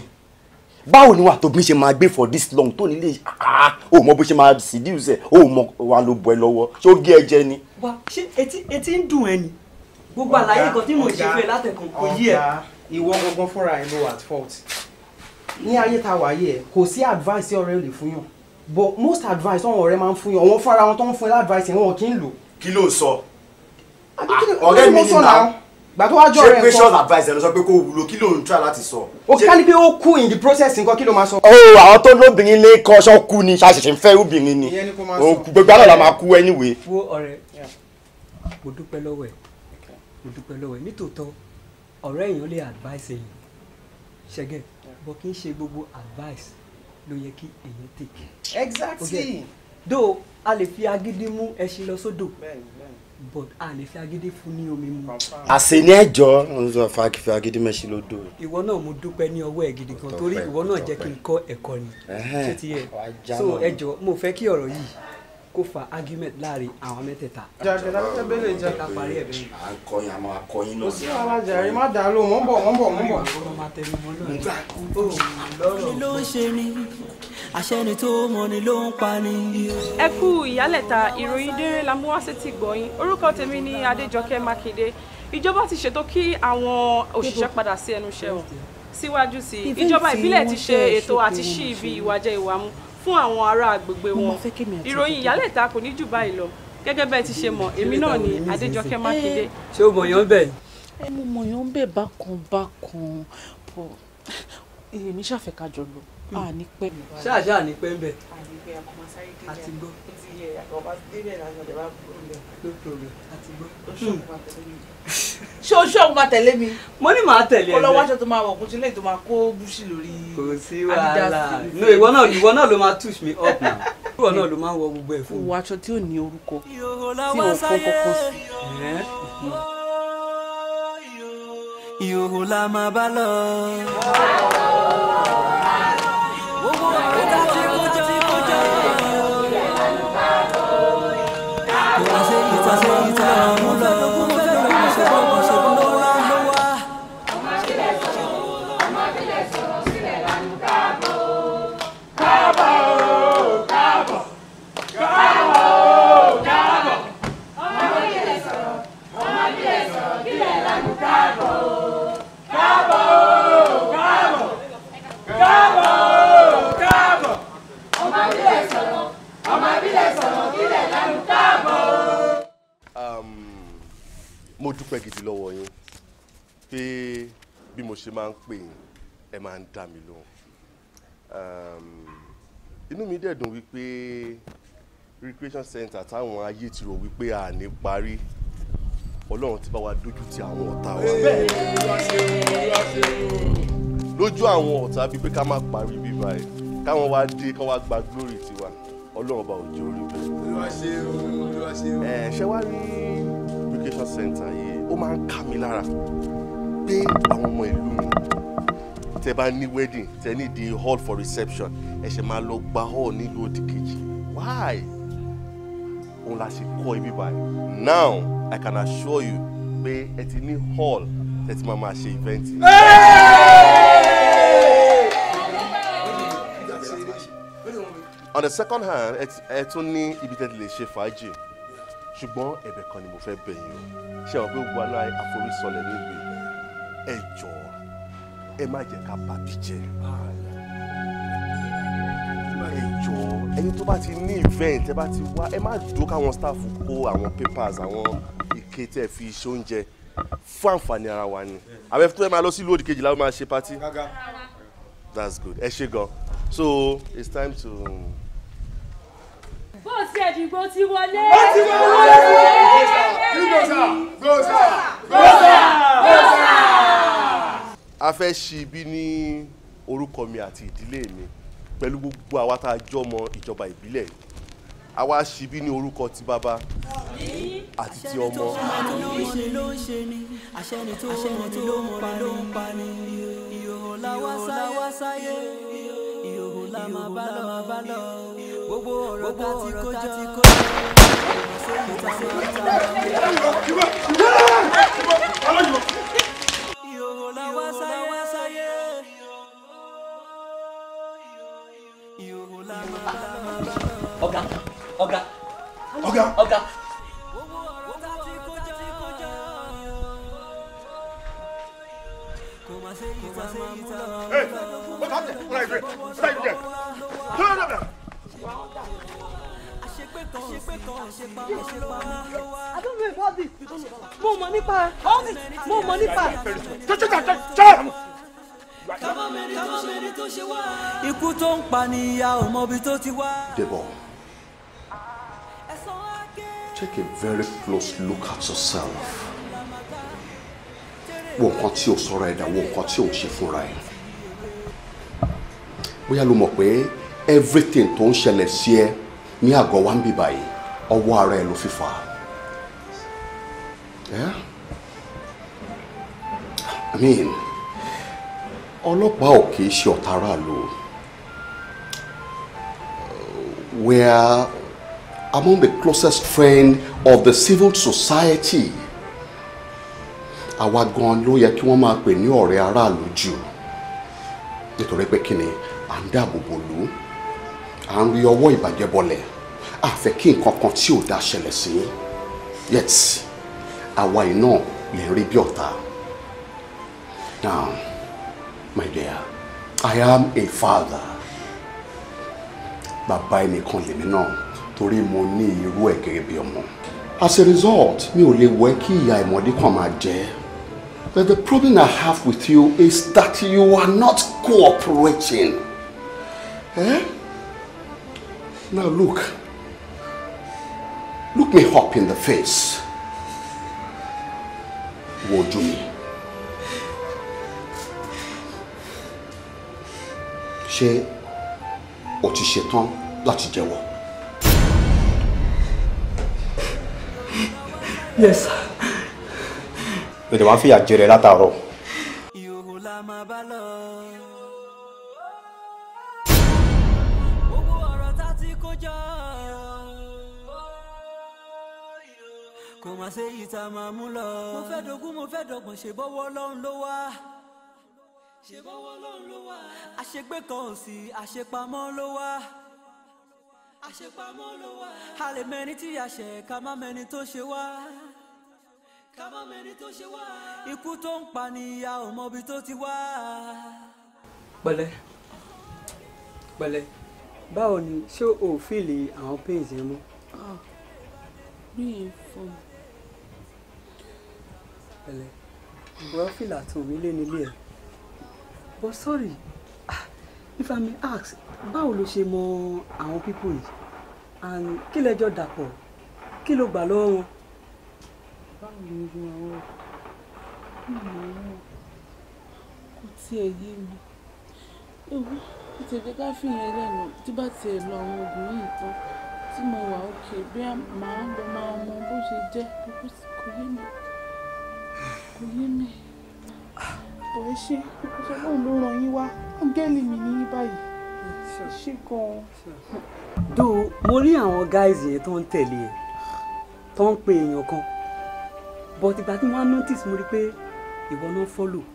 báwo ni wà tó bí ṣe máa gbé for this long tó nílé ah, ó mọ bó ṣe máa seduce ẹ ó mọ wà ló bù ẹ lọ́wọ́ ṣé ó gé ẹ jẹ ni wa ṣé etí etí ń dùn ẹ ni gbogbo àlàyé nǹkan tí mò ń ṣe fún ẹ látẹ̀kùn kò yí ẹ. ọ̀gá ìwọ gangan fúnra ẹ ló wà at fault ní ayé tá a wà kò sí advice ọ̀rẹ́ ò lè fún yàn but most advice àwọn ọ̀rẹ́ máa ń fún yàn àwọn fúnra wọn tó ń fún ẹ ládvice wọn kì í lò. kí ló sọ ah, ọ̀rẹ́ mi ní náà gbà tó wá jọ rẹ nǹkan ṣé precious advice ẹ lọ sọ pé kó wúlò kí ló ń try láti sọ. o kí ká ní pé ó kú in the process nǹkan kí ló máa sọ. o àwọn tó lóbìnrin lé kọ́ṣọ́ kú ni ṣàṣẹ̀ṣẹ̀ ń fẹ́ obìnrin ni gbogbo àlọ́ la máa kú anyway. wo ọ̀rẹ́ mo dúpẹ́ lọ́wọ́ ẹ̀ mo dúpẹ́ lọ́wọ́ ẹ̀ nítòótọ́ ọ̀rẹ́ èèyàn lè advice èèyàn ṣẹ́gẹ̀ bọ́ kí n ṣe gbogbo advice ló yẹ kí èèyàn take. exactly. do a lè fi agídí mú ẹṣin lọ sódò but a lè fi agídí fún ní omi mu. àṣẹ ní ẹjọ́ ń sọ fàákìfẹ agídí mẹṣin ló dò. ìwọ náà mo dúpẹ́ ní ọwọ́ ẹ gidi gan torí ìwọ náà jẹ́ kí n kọ́ ẹ̀kọ́ ni ṣé ti yẹ so ẹjọ́ mo fẹ́ kí ọ̀rọ̀ yìí kó fa argument láàrin àwọn mẹ́tẹ̀ẹ̀ta. jàgẹ̀dá tẹ́bẹ̀lẹ̀ jẹ́ ká parí ẹ̀ bẹ́ẹ̀. à ń kọyìn àmọ́ akọyìn náà. kò sí alájà rí má dàá lò wọ́n bọ̀ wọ́n bọ̀ wọ́n bọ̀. ọ̀rọ̀ máa tẹnu mọ́ náà. kí ló ń ṣe ni àṣẹni tó mọ ni ló ń pa ni. ẹ kú ìyálẹ̀ta ìròyìn déré la mú wá sí ti gbọ̀yìn orúkọ tèmi ni adéjọkẹ́ mákindé ìjọba ti ṣètò kí àwọn òṣìṣẹ́ padà sí ẹnu iṣẹ́ wọn síwájú sí ìjọba ìbílẹ̀ ti ṣe ètò àti ṣí ibi ìwàjẹ ìwàmú fún àwọn ará agbègbè wọn ìròyìn ìyálẹ̀ta kò ní jù báyìí lọ gẹ́gẹ́ bẹ́ẹ̀ ti ṣe mọ̀ èmi náà ni adéjọkẹ́ mákindé. Eh, ṣé o mọ̀yán bẹ̀. ẹ eh, mo mọ̀yán bẹ̀ bákan bákan bọ̀ èmi ṣàfẹ́ kájọ lọ àní hmm. pẹ́. ṣáà ṣáà ní pẹ́ àti gbọ́ ayé ẹ̀ àgbà ọba débẹ̀ lásán lè wá kúrò lẹ̀ lóto rẹ̀ àti gbọ́. ṣé o ṣé o máa tẹ̀lé mi. mo ní màá tẹ̀lé ẹ lẹ. olówó aṣọ tó máa wọ̀ kó tilé tó máa kó búṣì lórí. kò sí wàhálà no ìwọ náà ìwọ náà ló máa touch me up now ìwọ náà ló máa ń wọ gbogbo ẹ fún mi. ìwọ aṣọ tí ò ní orúkọ tí ò kọ́ kọ́kọ́ sí. ìhòòhò la máa bá lọ. dúpẹ́ gidi lọ́wọ́ yín pé bí mo ṣe máa ń pè yín ẹ máa ń dá mi lóhùn ehm, inú mi dẹ̀ wípé recreation center táwọn ayé ti rò wípé à ní parí ọlọ́run ti bá wa dójú ti àwọn ọ̀tá wa. lójú àwọn ọ̀tá bíi pé ká má parí bí báyìí káwọn wá dé ká wá gba glory tiwa ọlọ́run bá òjò orí bẹ́ẹ̀. ṣe wá rí recreation center yìí ó máa ń kà mí lára pé àwọn ọmọ ìlú mi tẹ bá ní wedding tẹ ní di hall for reception ẹ ṣe máa lọ gba hall nílùú òdì kejì why òun la ṣe kọ́ ibi báyìí now I can assure you pé ẹ ti ní hall tẹ ti máa máa ṣe event. on the second hand ẹ tún ní ibi tẹ́ lè ṣe fàájì ṣùgbọ́n ẹ̀bẹ̀ kan ni mo fẹ́ bẹ̀ o ṣé àwọn gbogbo aláì àforísọlẹ̀ nígbè ẹ ẹ má jẹ́ ká bàbí jẹ́ ẹ ẹni tó bá ti ní event bá ti wá ẹ má dúró káwọn staff kó àwọn papers àwọn ike tẹ́ fi ṣe oúnjẹ fún àǹfààní ara wa ni àbẹ fún ẹ máa lọ sí ìlú òdì kejìlá ó máa ṣe pátí that's good ẹ ṣe gan so it's time to. Um, Ẹ̀dìgbò ti wọlé. Ó ti wọlé. Gbòsà gbòsà gbòsà gbòsà. A fẹ́ ṣí ibi ní orúkọ mi àti ìdílé mi pẹ̀lú gbogbo àwa tá a jọmọ ìjọba ìbílẹ̀ yìí a wá ṣíbí ní orúkọ ti bàbá àti ti ọmọ. àṣẹ ni tó ń pa ni ìhòòhò làwa sáyé la máa bá lọ máa bá lọ gbogbo ọ̀rọ̀ ká ti kó jọ ìhòòhò la wá sáyé ìhòòhò la máa bá lọ. ọ̀gá ọ̀gá ọ̀gá ọ̀gá. Hey, what's happening? What are you doing? Stay there. Turn up there. I don't know about this. Mo mọ̀ nípa. Mo mọ̀ nípa. Ikú tó ń pa ni ìyá ò mọbi tó ti wá. Debo, take a very close look at yourself wo nǹkan tí o sọ̀rọ̀ ẹ̀dá wo nǹkan tí o ṣe fúnra ẹ̀ bóyá ló mọ̀ pé everything tó ń ṣẹlẹ̀ sí ẹ ní àgọ́ wa ń bì báyìí ọwọ́ ara ẹ ló fi fà á I mean ọlọ́pàá ò kì í ṣe ọ̀tá aráàlú we are among the closest friend of the civil society àwa gan ló yẹ kí wọ́n máa pè ní ọ̀rẹ́ aráàlú jù nítorí pé kí ni à ń dáàbò bò lù ú à ń rí ọwọ́ ìbàjẹ́ bọlẹ̀ à fẹ́ kí nǹkan kan tí ò dá ṣẹlẹ̀ sí yet àwa iná lè rí bí ọ̀tá now my dear I am a father bàbá ẹnìkan lèmi náà torí mo ní irú ẹ̀ gẹ́gẹ́ bí ọmọ as a result mi ò lè wẹ́ kí ìyá ìmọ̀dé kan máa jẹ́ ẹ́ that the problem I have with you is that you are not cooperating. Eh? Now look. Look me up in the face. Wojú She. Ṣé o ti ṣetán láti Yes, sir lóde wàá fìyà jẹrẹ látàárọ̀. ìhòòhò la kò má ṣe yìí tá a máa mú lọ. mo fẹ́ dogun mo fẹ́ dọ̀gbọ̀n ṣe bọ́wọ́ ọlọ́run ló wá ṣe bọ́wọ́ ọlọ́run ló wá. àṣegbé kan ò sí àṣepamọ́ ló wá àṣepamọ́ ló wá. a lè mẹni tí a ṣẹ̀ ká má mẹni tó ṣe wá kábọ̀ mẹ́ni tó ṣe wá. ikú tó ń pa nìyà ò mọbi tó ti wá. pẹ̀lẹ́ pẹ̀lẹ́ báwo ni ṣé o fìlì àwọn pains yẹn mú. Ah, mi ì fún. pẹ̀lẹ́ mi lé nílé ẹ̀ but sorry ah, if i may ask báwo ló ṣe mọ àwọn pípò yìí and kí lẹjọ dàpọ̀ kí ló gbà lọ́wọ́ wọn báwo ni ogun àwọn ìmọ̀ àwọn kò tiẹ̀ yé mi ewu kò tiẹ̀ jẹ́ ká fìyẹn lẹ́nu tí bá tiẹ̀ lọ àwọn oògùn yìí tán tí mo wà òkè bí màá lọ máa mọ bó ṣe jẹ́ kò yé mi kò yé mi bọ̀ ẹ ṣe ìpínlẹ̀ náà ló ràn yín wá áńgẹ́lì mi ní báyìí ṣe gan-an. dó mo rí àwọn gáìsì yẹn tó ń tẹ̀lé ẹ tó ń pe èèyàn kan but ìgbà tí wọ́n á notice mo rí i pé ìwọ náà follow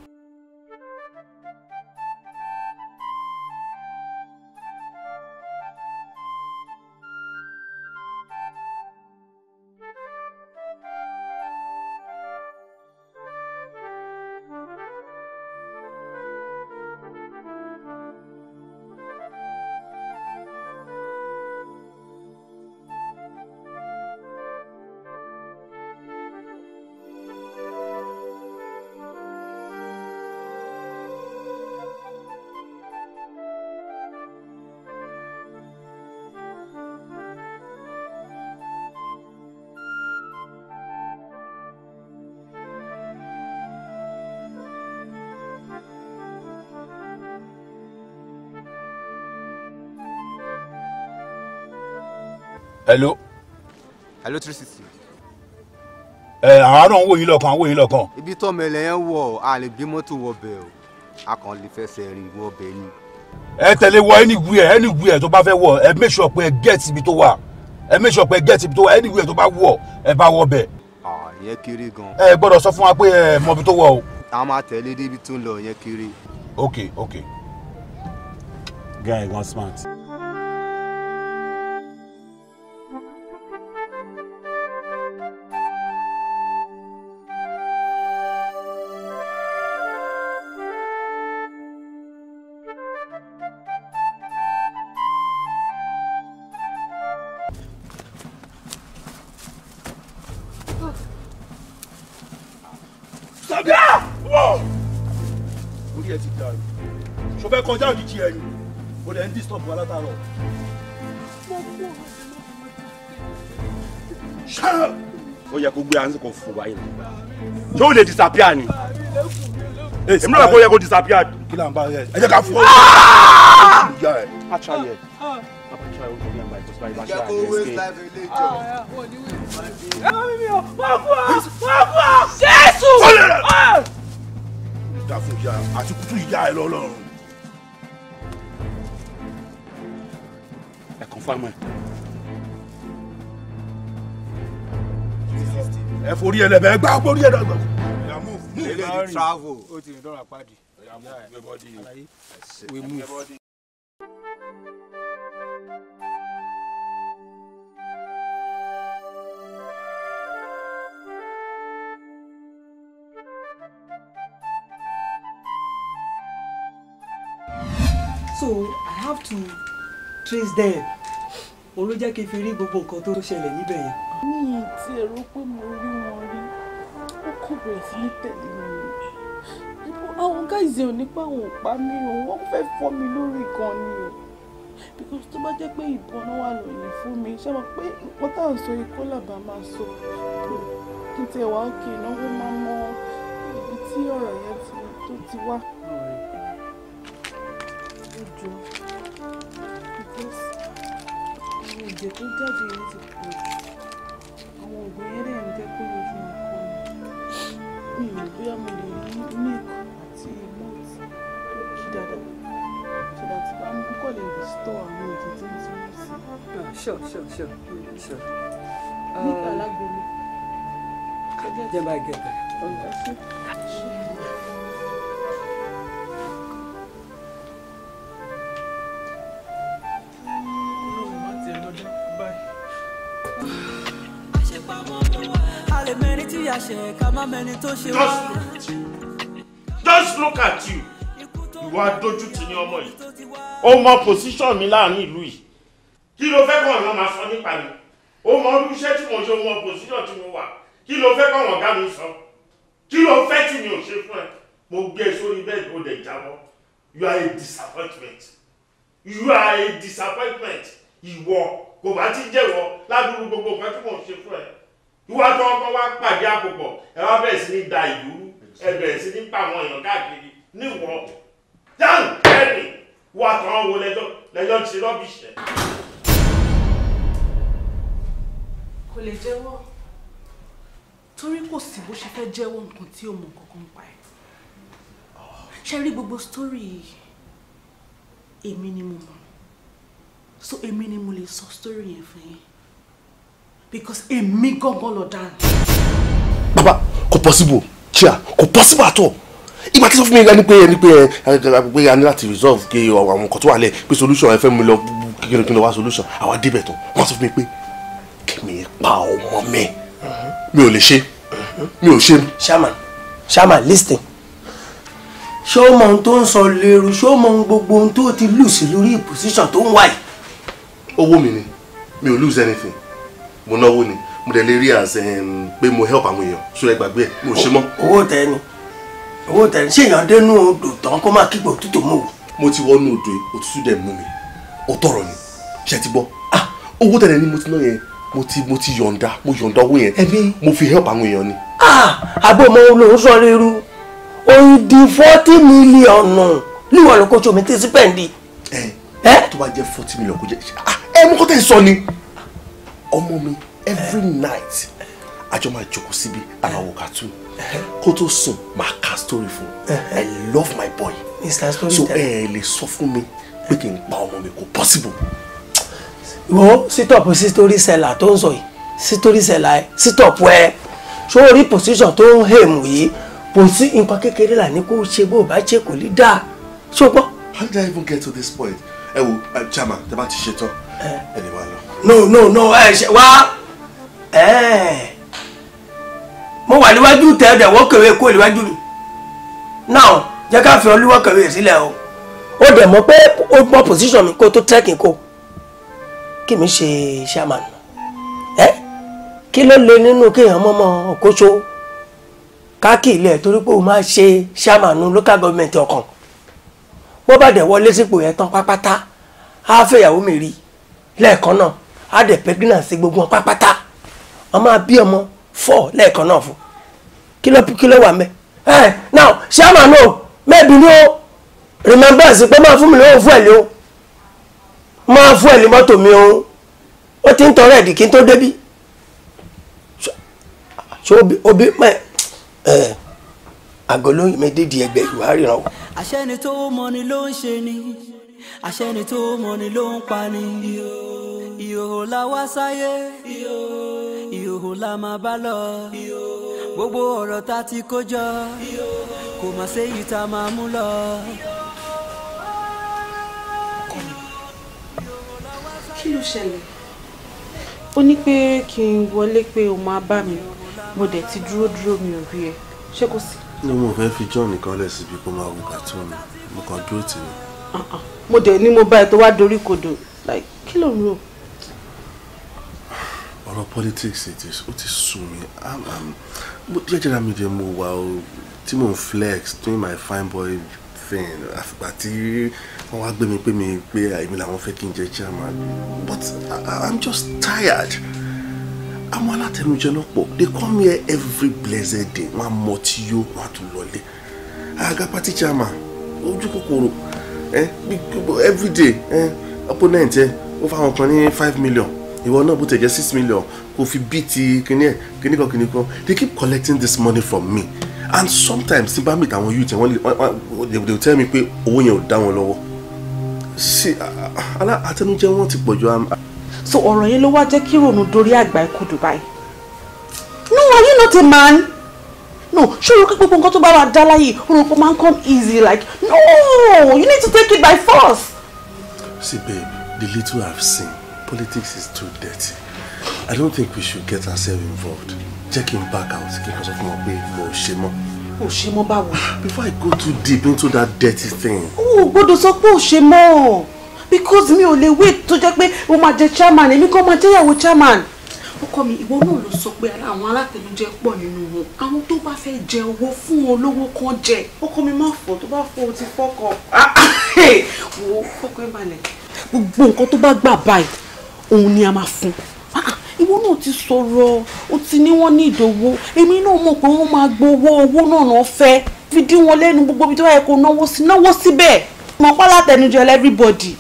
hello. hello three sixty. ẹ àwa náà ń wò yín lọ́kàn ń wò yín lọ́kàn. ibi tó mẹ́lẹ̀ yẹn wọ̀ a lè gbé mọ́tò wọ bẹ̀ o a kàn lè fẹsẹ̀ rìn wọ bẹ̀ ni. ẹ tẹ̀lé wọ anywhere anywhere tó bá fẹ́ wọ ẹ make sure pé ẹ get ibi tó wà ẹ make sure pé ẹ get ibi tó wà anywhere tó bá wọ ẹ bá wọ bẹ̀. ìyẹn kéré gan. ẹ gbọ́dọ̀ sọ fún wa pé ẹ mọ ibi tó wọ o. a máa tẹ̀lé débi tó ń lọ ìyẹn kéré. ok ok. guy one smart. gbé hansi kan fún wa yìí ṣé o lè disappear ni eh, èmi náà kò yẹ kó disappear. kí ló ń bá yẹ ẹ jẹ́ ká fún ọ. jésù. dá ah! ìyá àti kutu ìyá ẹ lọ́lọ́run. ẹ kàn fún amọ̀ ẹ. ẹ forí ẹ lẹ́bẹ̀ẹ́ gbá forí ẹ lẹ́bẹ̀ẹ́. ilé yìí travel. o ti rìn dọ́ra pàdé. we move. so i have to trace them olójẹ́ kí n fi rí gbogbo nǹkan tó ṣẹlẹ̀ níbẹ̀ yẹn ní ìtì ẹ̀rọ pé mo rí wọn rí ó kọ̀ bẹ̀rẹ̀ sí ní tẹ̀lé mi àwọn gáìsì ò ní pa àwọn òpá mi o wọ́n fẹ́ fọ́ mi lórí kan ni o because tó bá jẹ́ pé ìbọn náà wà lòyìn fún mi ṣé mo pé nǹkan tá à ń sọ ikú làbá máa sọ kí n tẹ wá òkè ìnáwó máa mọ ibi tí ọ̀rọ̀ yẹn tó ti wá. ojú because ìrìn ìjẹ́ tó jáde yìí ti pọ̀ jù. bóyá mo lè rí milk àti malt kí dáadáa so that àwọn kò lè restore àwọn èdè tí mo ti rí sí. Ah, sure sure sure sure. nípa um, alágbèlú. jẹ́ bá gẹ̀ẹ́ta. ọ̀gá ṣe. ṣe ká má mẹni tó ṣe wá. just look at you ìwà dojú ti ní ọmọ yìí ó mọ position mi láàrin ìlú yìí kí ló fẹ́ kọ́ ọ̀nà máa sọ nípa mi ó mọ irú iṣẹ́ tí mo ṣe mọ position tí mo wà kí ló fẹ́ kọ́ ọ̀nà ọ̀gá mi sọ kí ló fẹ́ tí mi ò ṣe fún ẹ mo gbé e sórí bẹ́ẹ̀ ó dẹ̀ jábọ́ you are a disappointment you are a disappointment ìwọ kò bá ti jẹ́wọ́ ládùúgbò gbogbo nǹkan tí mo ṣe fún ẹ wá tó ọkọ wá pàdé àpòpọ̀ ẹ wá bẹ̀rẹ̀ sí ní da ìlú ẹ bẹ̀rẹ̀ sí ní pa àwọn èèyàn káàkiri ní ìwọ dáhùn kẹ́rì wá tó ọwọ́ lẹ́jọ́ lẹ́jọ́ ti rọ́bìṣẹ́. kò lè jẹ́wọ́ torí kò sí bó ṣe fẹ́ jẹ́wọ́ nǹkan tí ò mọ̀ kankan pa ẹ̀ ṣe rí gbogbo sítórì èmi ni mo mọ̀ so èmi ni mo lè sọ sítórì yẹn fún yín because èmi gángan lọ dára. Baba, kò possible chia kò possible at all ìgbà tí sọ me, mi ẹni pé ẹni pé ẹni a ní láti resolve pé àwọn nǹkan tó wà lẹ pé solution ẹ fẹ́ mi lọ kíkiri kí n lọ solution àwa débẹ̀ tán wọ́n sọ fún mi pé kí mi pa ọmọ mi mi ò lè ṣe mi ò ṣe. shaman shaman listen Show o mọ ohun tó ń sọ lérò ṣé o mọ ohun gbogbo ohun tó ti lù sí lórí ìpòsíṣàn tó ń wà yìí. mi ni mi ò lose anything mo náwó ni mo dẹ̀ lè rí as pé mo help àwọn èèyàn ṣúlẹ̀ gbàgbé ẹ̀ mo ṣe mọ́. owó tẹ ni owó tẹ ni ṣé èèyàn dénú odò tán kó má kígbe òtútù mú o. mo ti wọnú odò yìí òtútù dẹ̀ mú mi ó ni ṣe ti gbọ́ ah owó tẹ̀lé ni mo ti ná yẹn mo ti mo ti yọ̀ǹda mo yọ̀ǹda owó yẹn mo fi help àwọn èèyàn ni. ah àbọ̀ ọmọ olóhùn sọ rírú oyin di forty million níwọ̀n ló kó tó mi tí sípẹ́ǹdì. ẹ tó bá jẹ́ forty million kó jẹ́ ah, ẹ mú kó tẹ̀ sọ ni ọmọ mi every night àjọ máa jókòó síbi àmàwò cartoon kó tó sùn máa ka story fún uh-huh. i love my boy so ẹ lè sọ fún mi pé kí n pa ọmọ mi kò possible. wo sítọ̀pù sítórí sẹ́là tó ń sọ yìí sítórí sẹ́là ẹ sítọ̀pù ẹ sórí position tó ń hèmù yìí pòsí nǹkan kékeré là ní kó ṣe bó o bá ṣe kò ní dáa ṣó gbọ́. how did i even get to this point ẹ wo chairman tẹ bá ti ṣe tán uh-huh. ẹ lè wá lọ no no no ẹ ṣe wá mo wà níwájú tẹ ẹ̀dẹ̀ wọ́n kẹ̀wé kó níwájú mi náà jẹ́ ká fi olúwọ́ kẹ̀wé sílẹ̀ o. ó dẹ̀ mọ̀ pé ó mọ pòsíṣàn mi kó tó tẹ́kìn kó kí mi ṣe ṣàmàlù ẹ kí ló lè nínú kéèyàn mọ́mọ́ òkóso káàkì ilẹ̀ torí pé o máa ṣe ṣàmàlù local government ọkàn bó bá dẹ̀ wọlé sípò yẹn tán pápátá á fẹ́yàwó mi rí lẹ́ẹ̀kan náà á dẹ̀ pregnancy gbogbo wọn pátápátá wọn máa bí ọmọ four lẹ́ẹ̀kan náà fún kí ló kí ló wà mẹ́ ẹ now ṣáàmà náà mẹ́bi ni ó remember sí pé máa fún mi lówó fún ẹ̀ lé o máa fún ẹ̀ lé mọ́tò mi o ó ti ń tọrọ ẹ̀dì kí n tó débí ṣé obi obi mẹ́ ẹ̀ àgọ́ lóyún mi dídì ẹgbẹ́ ìwà o. àṣẹ ni tó mọ ni ló ń ṣe ni àṣẹni tó mọni ló ń pani. ìhòòhò la wá sáyé ìhòòhò la máa bá lọ gbogbo ọ̀rọ̀ tá ti kó jọ kò mà séyìí tá máa mú lọ. kí ló ṣẹlẹ̀. ó ní pé kí n wọlé pé o máa bá mi mo dẹ̀ ti dúró dúró mi ò rí ẹ ṣé kò sí. ní mo fẹ́ fi john nìkan lẹ̀ síbi kó máa wù gàtọ́ mi mo kàn dúró tì ní mo dẹ̀ ní mo báyìí tó wá dorí kodò like kí ló ń rò. ọ̀rọ̀ politics it is ó ti sú mi bó jẹ́ jẹ́ra mi jẹ́ mo wà ó tí mò ń flex doing my fine boy thing àfìgbà tí wọ́n wá gbé mi pé mi pé àìmí làwọn fẹ́ kí n jẹ chairman but I, I'm just tired àwọn alátẹnujẹ náà pọ̀ they come here every blessed day wọ́n á mọtí yó wọ́n á tún lọlé àgàpá tí chairman ojú kòkòrò. Eh, everyday eh, opponent ẹ eh, ó fáwọn kan ní five million ìwọ náà bó tẹ̀ jẹ́ six million kò fi bí ti kíní ẹ̀ kíní kan kíní kan they keep collecting this money from me and sometimes bá meet àwọn youth wọn they will tell me pé owó yẹn ò dá wọn lọ́wọ́ sí alá àtẹnujẹ wọn ti pọ̀ jù. so ọ̀rọ̀ yẹn ló wá jẹ́ kí ronú dorí àgbà ẹ̀kú Dubai. no are you not a man no ṣòro pé gbogbo nǹkan tó bá wà dá láyè ó máa ń come easy like no you need to take it by force. see babe the little i have seen politics is too dirty i don't think we should get ourselves involved Check him back out because of my sọ fún wọn pé mo ṣe mọ́ ò ṣe mọ́ báwo. before i go too deep into that dirty thing. o gbọ́dọ̀ sọ pé ò ṣe mọ́ because mi ò lè wait tó jẹ́ pé o máa jẹ chairman èmi kò máa jẹ́yàwó chairman ọkọ mi ìwọ náà ló sọ pé ara àwọn alátẹnujẹ pọ̀ nínú wọn àwọn tó bá fẹ́ jẹ owó fún olówó kan jẹ ọkọ mi má fọ tó bá fọ o ti fọkọ ah, wo fọkọ ẹ balẹ̀. gbogbo nǹkan tó bá gbà báyìí òun ni a máa fún ah, ìwọ náà ti sọ̀rọ̀ o ti ní wọ́n ní ìdòwò èmi náà mọ̀ pé wọ́n máa gbowó owó náà náà fẹ́ fi dín wọn lẹ́nu gbogbo ibi tó bá yẹ kó náwó sí náwó síbẹ̀ mọ̀ pálá tẹnujẹ everybody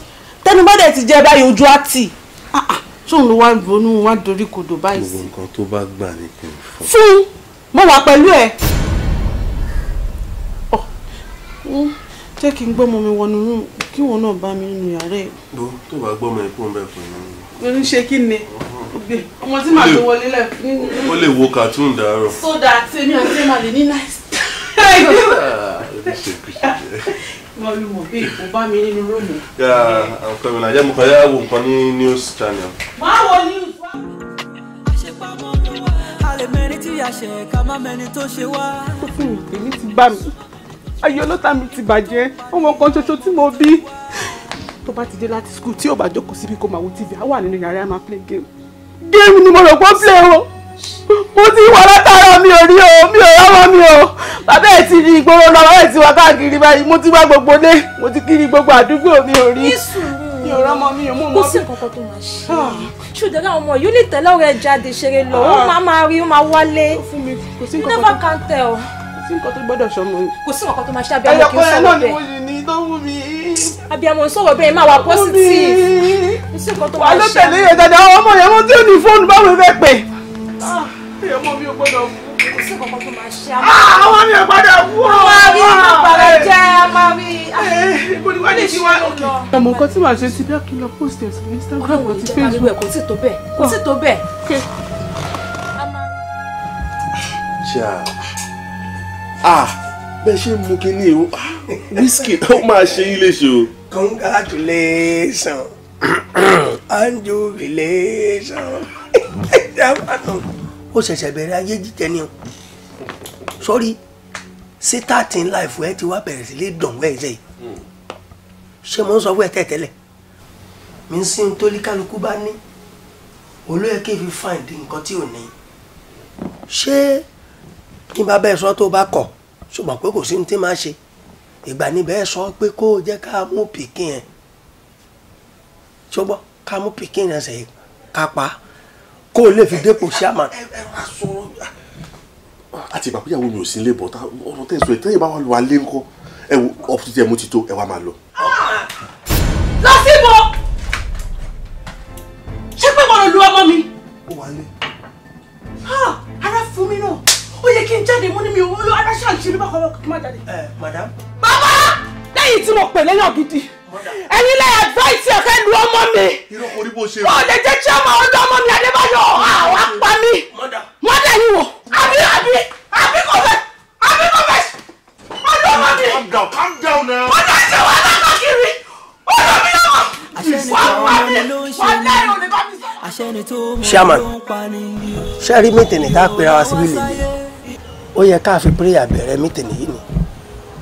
tẹnubọ́dẹ̀ ti jẹ báyìí ojú á tì ah ah tóun ló wá ronú wá dorí kodò báyìí sí. gbogbo nǹkan tó bá gbà ní kí n fún. fún mo wà pẹ̀lú ẹ. jẹ́ kí n gbọ́mọ mi wọnú rúùmù kí wọn náà bá mi nínú yàrá ẹ̀. bó tó bá gbọ́mọ ẹ kó n bẹ̀ fún mi. orí ṣe kí ni uh-huh. ọmọ tí màá tó wọlé lẹ. ó lè wo cartoon dàárọ̀. so that èmi àti ẹ̀ lè ní nice. àǹkọ́mi náà jẹ́ mo kàn yá wo nǹkan ní news channel. máa news wá. àṣepamọ́ ló wà. a lè mẹ́ni tí a ṣe ká má mẹ́ni tó ṣe wá. ó fi hàn pé mi ti bá ti bàjẹ́ ọmọ kan ṣoṣo tí mo bí tó bá ti dé láti skul tí ò bá jókòó síbi kó máa wo tv á wà nínú yàrá ẹ máa play game game ni mo rò pé ó play o mo ti wà látara mi ò rí o mi ò rárá mi o bàbá ẹ̀ ti ní ìgboro lọ bàbá ẹ̀ ti wá káàkiri báyìí mo ti wá gbogbo lé mo ti kiri gbogbo àdúgbò mi ò rí mi ò rọ́mọ mi ò mú mọ́ bí. kó sì kọ́kọ́ tó máa ṣe ah. ṣùgbọ́n àwọn ọmọ yìí lè tẹ̀lé ọ̀rẹ́ jáde ṣeré lọ ó ah. máa máa rí ó máa wálé you never can tell. kò sí nǹkan tó gbọ́dọ̀ ṣọmọ mi. kò sí nǹkan tó máa ṣe abiyamọ kì í sọ̀rọ̀ bẹ́ẹ̀ abiyamọ sọ̀rọ̀ bẹ́ẹ̀ máa wà positive kò sí nǹkan tó máa ṣe. wà ló tẹ̀lé yẹn dáadáa ọmọ yẹn mo tí ò ní fóònù báwo fẹ́ pè. Ah. ọmọ mi ò gbọ́dọ̀ fún kò sí kankan tó máa ṣe àwọn. Ah, àwọn mi ò padà wú ọ. máa rí iná padà jẹ́ máa ah, rí. Eh, ibo ni wọ́n lè ṣe wá lókè. ọmọ nǹkan tí màá ṣe ti bí akínlọ post ẹ̀ sí Instagram àti Facebook. kò sì tó bẹ́ẹ̀ kò sì tó bẹ́ẹ̀. ṣá ah bẹ́ẹ̀ ṣe ń mú kínní o ah, wíṣkì ó máa ṣe yín léṣe o. congratulations and jubilation. ó ṣẹ̀ṣẹ̀ bẹ̀rẹ̀ ayé jíjẹ ni o sọ́rí ṣé tààtì ńlá ìfọ̀ ẹ ti wá bẹ̀rẹ̀ sí lé dọ̀wọ́ ẹ̀ sẹ́yìn ṣé mo ń sọ fún ẹ tẹ́tẹ́lẹ̀ mi ń sin tó líkálukú bá ní olóyè kí n fi find nǹkan tí ò ní ṣé kí n bá bẹ́ẹ̀ sọ tó bá kọ̀ ṣùgbọ́n pé kò sí ní tí máa ṣe ìgbà níbẹ̀ sọ pé kó o jẹ́ ká mú pikin ẹ̀ ṣùgbọ́n ká mú pikin ẹ̀ sẹ́yìn ká pa á kó o lè fi dépò chairman. àti ìgbà péyàwó mi ò sí ilé bọ̀ ọ̀rọ̀ tẹ̀ sọ ẹ̀ tẹ́yìn bá wà lù wá lé ńkọ́ ẹ wo ọ̀pọ̀ títí ẹ mú ti tó ẹ wá máa lọ. Ah! lọ sí ibo ṣé pé mo lọ lu ọmọ mi. ó wà lé. Ah, ara fún mi náà ó yẹ kí n jáde mú ní mi ò wúlò adáṣà ìṣèlú bá kọ́ ọ́ kí n má jáde. Eh, madam. bàbá lẹ́yìn tí mo pè lẹ́yìn ọ̀gidi ẹ̀yin lẹ́yìn advice ọ̀kẹ́ lu ọmọ mi wọ́n lè jẹ́ chairman ọ̀dọ́ ọmọ mi adébáyọ̀ àwọn apá mi mọ́dà yìí wò àbí àbí àbí kò fẹ́ àbí kò fẹ́ ọ̀dọ́ ọmọ mi ọ̀dọ́ ìṣe wà lákàkiri ọ̀dọ́ mi náà wọ́n pa mi wọ́n lẹ́yìn òní bá mi sọ. chairman ṣé rí mítìnì tá a pera wa síbí lè ní ó yẹ ká fi prayer bẹ̀rẹ̀ mítìnì yìí ni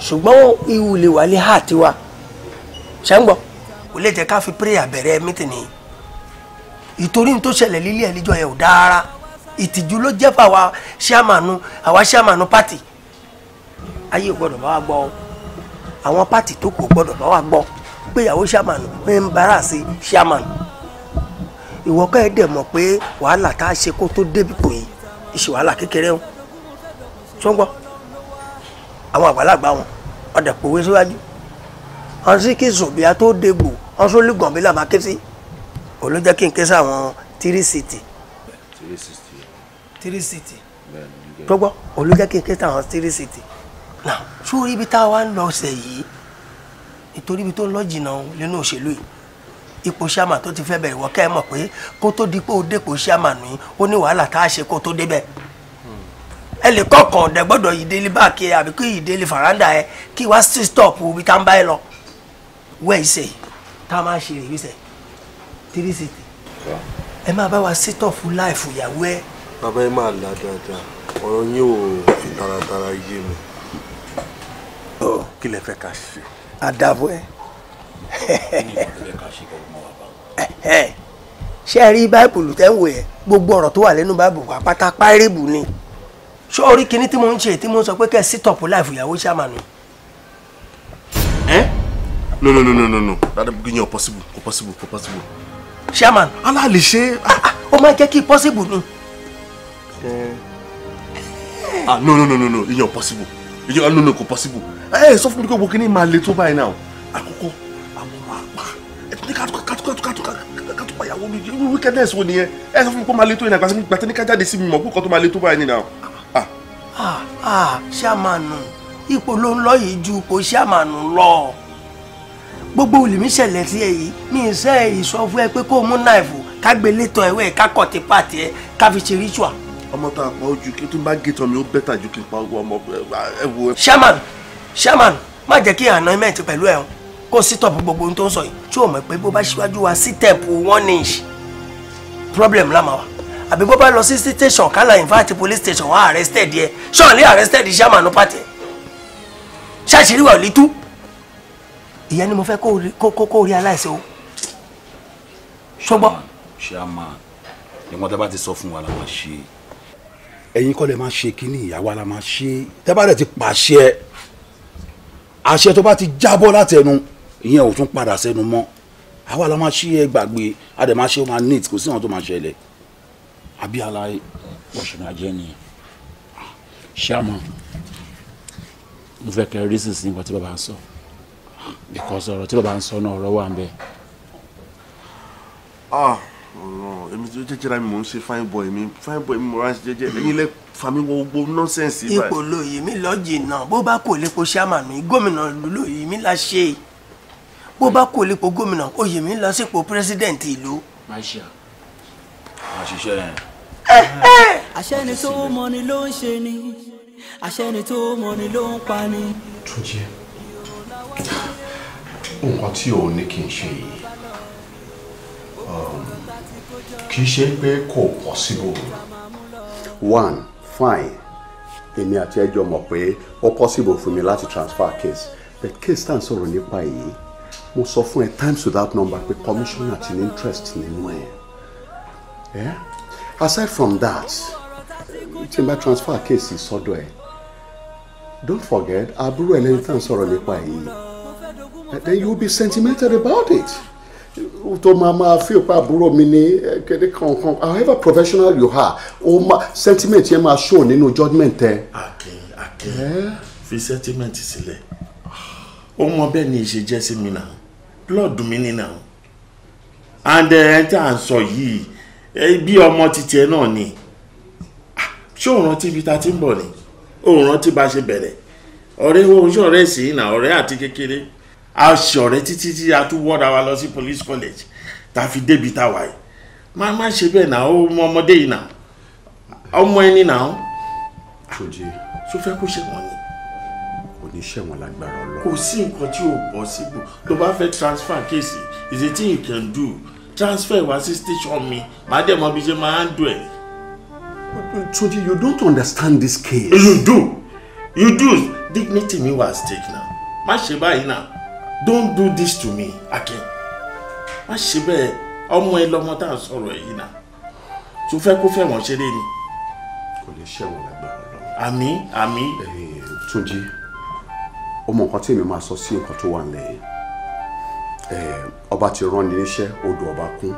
ṣùgbọ́n ìwúlẹ̀ wà ní hàtí wa ṣe ń gbọ́. kò lè jẹ́ ká fi prayer bẹ̀rẹ̀ mítìnì ìtorí tó ṣẹlẹ̀ lílé ẹ̀ níjọ́ yẹn ò dára ìtìjú ló jẹ́ fún àwa ṣíàmánu àwa ṣíàmánu pátì ayé ò gbọ́dọ̀ bá wa gbọ́ àwọn pátì tó kù ò gbọ́dọ̀ bá wa gbọ́ gbéyàwó ṣíàmánu ń bára sí ṣíàmánu ìwọ ká ẹ dẹ̀ mọ̀ pé wàhálà tá a ṣe kó tó débi pò yìí ìṣe wàhálà kékeré wọn ṣọ́ngbọ́ àwọn àgbàlagbà wọn ọ̀dẹ̀ pòwe síwájú ọsíkì zòbíà tó dégbò ọsọlẹ gànbí làbá ké sí òun ló jẹ́ kí n ké sáwọn tírí sìtì tírí sìtì tó gbọ́ òun ló jẹ́ kí n ké sáwọn tírí sìtì nà sórí ibi tá a wá ń lọ ọ̀sẹ̀ yìí nítorí ibi tó ń lọ jìnnà nínú òṣèlú yìí ipò sàmà tó ti fẹ́ bẹ̀rẹ̀ wọ́n kẹ́ ẹ mọ̀ pé kó tó di pé ó dépò sàmà ní ó ní wàhálà tá a ṣe kó tó débẹ̀ ẹ lè kọ̀ọ̀kan ọ̀dẹ gbọ́dọ̀ báàkì àbí kí yìí ẹ kí wá sí stọ̀pù ibi tá ń bá ẹ lọ wẹ́ẹ̀ ṣe tá a máa ṣe rèé ṣe three sixty ẹ máa bá wa set up láìfò ìyàwó ẹ. bàbá ẹ máa là dáadáa ọ̀rọ̀ yín ò fi taratara yé mi. Oh. kí lẹ fẹ́ ká ṣe. àdàbọ̀ ẹ. ṣé ẹ rí báìbùlù tẹ́ ń wò ẹ́ gbogbo ọ̀rọ̀ tó wà lẹ́nu báìbùlù wà pátá párẹ́bù ni ṣé orí kinní tí mo ń ṣe tí mo ń sọ pé kẹ́ ẹ sit up láìfò ìyàwó ṣàmànù. ẹ́ no no no no no no dada bugi yẹn ò possible kò possible kò possible. chairman ala lè ṣe. Ah, ah. ó máa jẹ́ kí possible ni. ah no no no no no ìyẹn ò possible ìyẹn ah, no no kò possible. Eh, eh, eh, ẹ sọ fún mi pé gbogbo kìíní máa le tó báyìí náà àkọ́kọ́ àwọn ọmọ àpá ẹtùtù kátó pàyàwó mi irú wíkẹ́ndẹ̀sì wo nìyẹn ẹ sọ fún mi pé máa le tó yẹn náà gbàtẹ́ ní ká jáde sí mi mọ̀ kó kọ́ tó máa le tó báyìí náà. ah ah chairman ipò ló ń lọ yìí ju ipò chairman lọ gbogbo olùmí ṣẹlẹ̀ sí ẹ yìí mi ń sẹ́ ìsọ fún ẹ pé kó o mú náìfù ká gbé létọ ẹwẹ́ ká kọ̀ tipa tiẹ ká fi ṣe ritual. ọmọ tá a pa ojú kí tó bá gé tán mi ó bẹ́tà ju kí n pa ọmọ ẹ wo. shaman shaman má jẹ́ kí anọ́ìmẹ̀tì pẹ̀lú ẹ̀ kó sítọ̀pù gbogbo ohun tó ń sọ yìí tí o mọ̀ pé bó bá ṣíwájú wa sítẹ̀pù one inch problem la ma wa àbí bó bá lọ sí station kálá invite police station wa arrested yẹ ṣọ́ọ̀lì arrested shaman pàtẹ ṣáṣírí wa ò lè tú ìyẹn ni mo fẹ́ kó rí aláìsí o ṣọgbọ́. chairman ìwọ̀n tẹ́ bá ti sọ fún wa la máa ṣe. ẹ̀yin kọ́ lè máa ṣe kínní ìyàwó la máa ṣe tẹ́ bá dẹ̀ ti pàṣẹ àṣẹ tó bá ti jábọ́ láti ẹnu ìyẹn ò tún padà sẹ́nu mọ́ àwa la máa ṣe é gbàgbé a dẹ̀ máa ṣe é máa neat kò sí àwọn tó máa ṣẹlẹ̀ àbí aláì ọ̀ṣun ajẹ́ nìyẹn chairman mo fẹ́ kẹ́ sísìn nǹkan tí bàbá sọ. So because ọ̀rọ̀ tí bàbá ń sọ náà ọ̀rọ̀ wà ń bẹ̀. Ah, èmi tó jẹjẹrẹ mi mò ń ṣe fine boy mi fine boy mi mo rán ṣe jẹjẹ ẹyin lẹ fami wo gbogbo nọ́sẹ̀nsì. ipò lóye mi lọ́ọ̀jì náà bó bá kò lépo sàmàmì gómìnà lóye mi la ṣe bó bá kò lépo gómìnà oyè mi lọ sípò pírẹsidẹ̀ǹtì ìlú. má ṣe àṣìṣe eh, yẹn. Eh! àṣẹni tó mọni ló ń ṣe ni àṣẹni tó mọni ló ń pa ni nǹkan tí òun ní kí n ṣe yìí um, kì í ṣe pé kò possible. one fine èmi àti ẹjọ́ mọ̀ pé ó possible fún mi láti transfer case but case tá à ń sọ̀rọ̀ nípa yìí mo sọ fún ẹ times without number pé commissioner ti ní interest nínú ẹ yeah? aside from that tí n bá transfer case sọ́dọ̀ ẹ don't forget àbúrò ẹlẹ́ni tá à ń sọ̀rọ̀ nípa yìí then you will be sentimental about it Uto mama máa fi buro àbúrò mi ní eh, kéde kankan however professional you are o ma sentiment yẹn máa show nínú judgement ẹ. Akin Akin eh? fi sentiment sílẹ̀ ó mọ bẹ́ẹ̀ ni ìṣe jẹ́ sí mi náà blood mi ni náà and eh, ẹ tí à ń sọ yìí bí ọmọ títí ẹ ni ah, ṣé òun rántí ibi tá a ti ń bọ̀ ni òun rántí bá a ṣe bẹ̀rẹ̀ ọ̀rẹ́ wo ṣọ̀rẹ́ sí i ọ̀rẹ́ àti kékeré a ṣọ̀rẹ́ títí tí a tún wọ́ra wa lọ sí police college tá a fi débi tá a wà yìí má má ṣe bẹ́ẹ̀ náà ó mọ ọmọdé yìí náà ọmọ ẹni náà. ṣòjì tó fẹ́ kó ṣẹ̀wọ̀n ni. kò ní ṣẹ̀wọ̀n lágbára ọlọ́run. kò sí nǹkan tí ò bọ́ síbò tó bá fẹ́ transfer case is a thing you can do transfer wá sí station mi màá dẹ̀ mọ bí ṣe máa ń dùn ẹ̀. Tunji you don't understand this case. you do you do dignity mi wà stake now má ṣe báyìí náà don't do this to me again. má ṣe bẹ́ẹ̀ ọmọ ẹ lọmọ tá à ń sọ̀rọ̀ yìí náà tó fẹ́ kó fẹ́ wọ́n ṣeré ni. kò lè ṣẹ̀wọ̀n lágbára lọ. àmín àmín. túnjí ọmọ nǹkan tí èmi máa sọ sí nǹkan tó wà nílẹ̀ yìí ọba ti rán ni níṣẹ́ odò ọba kún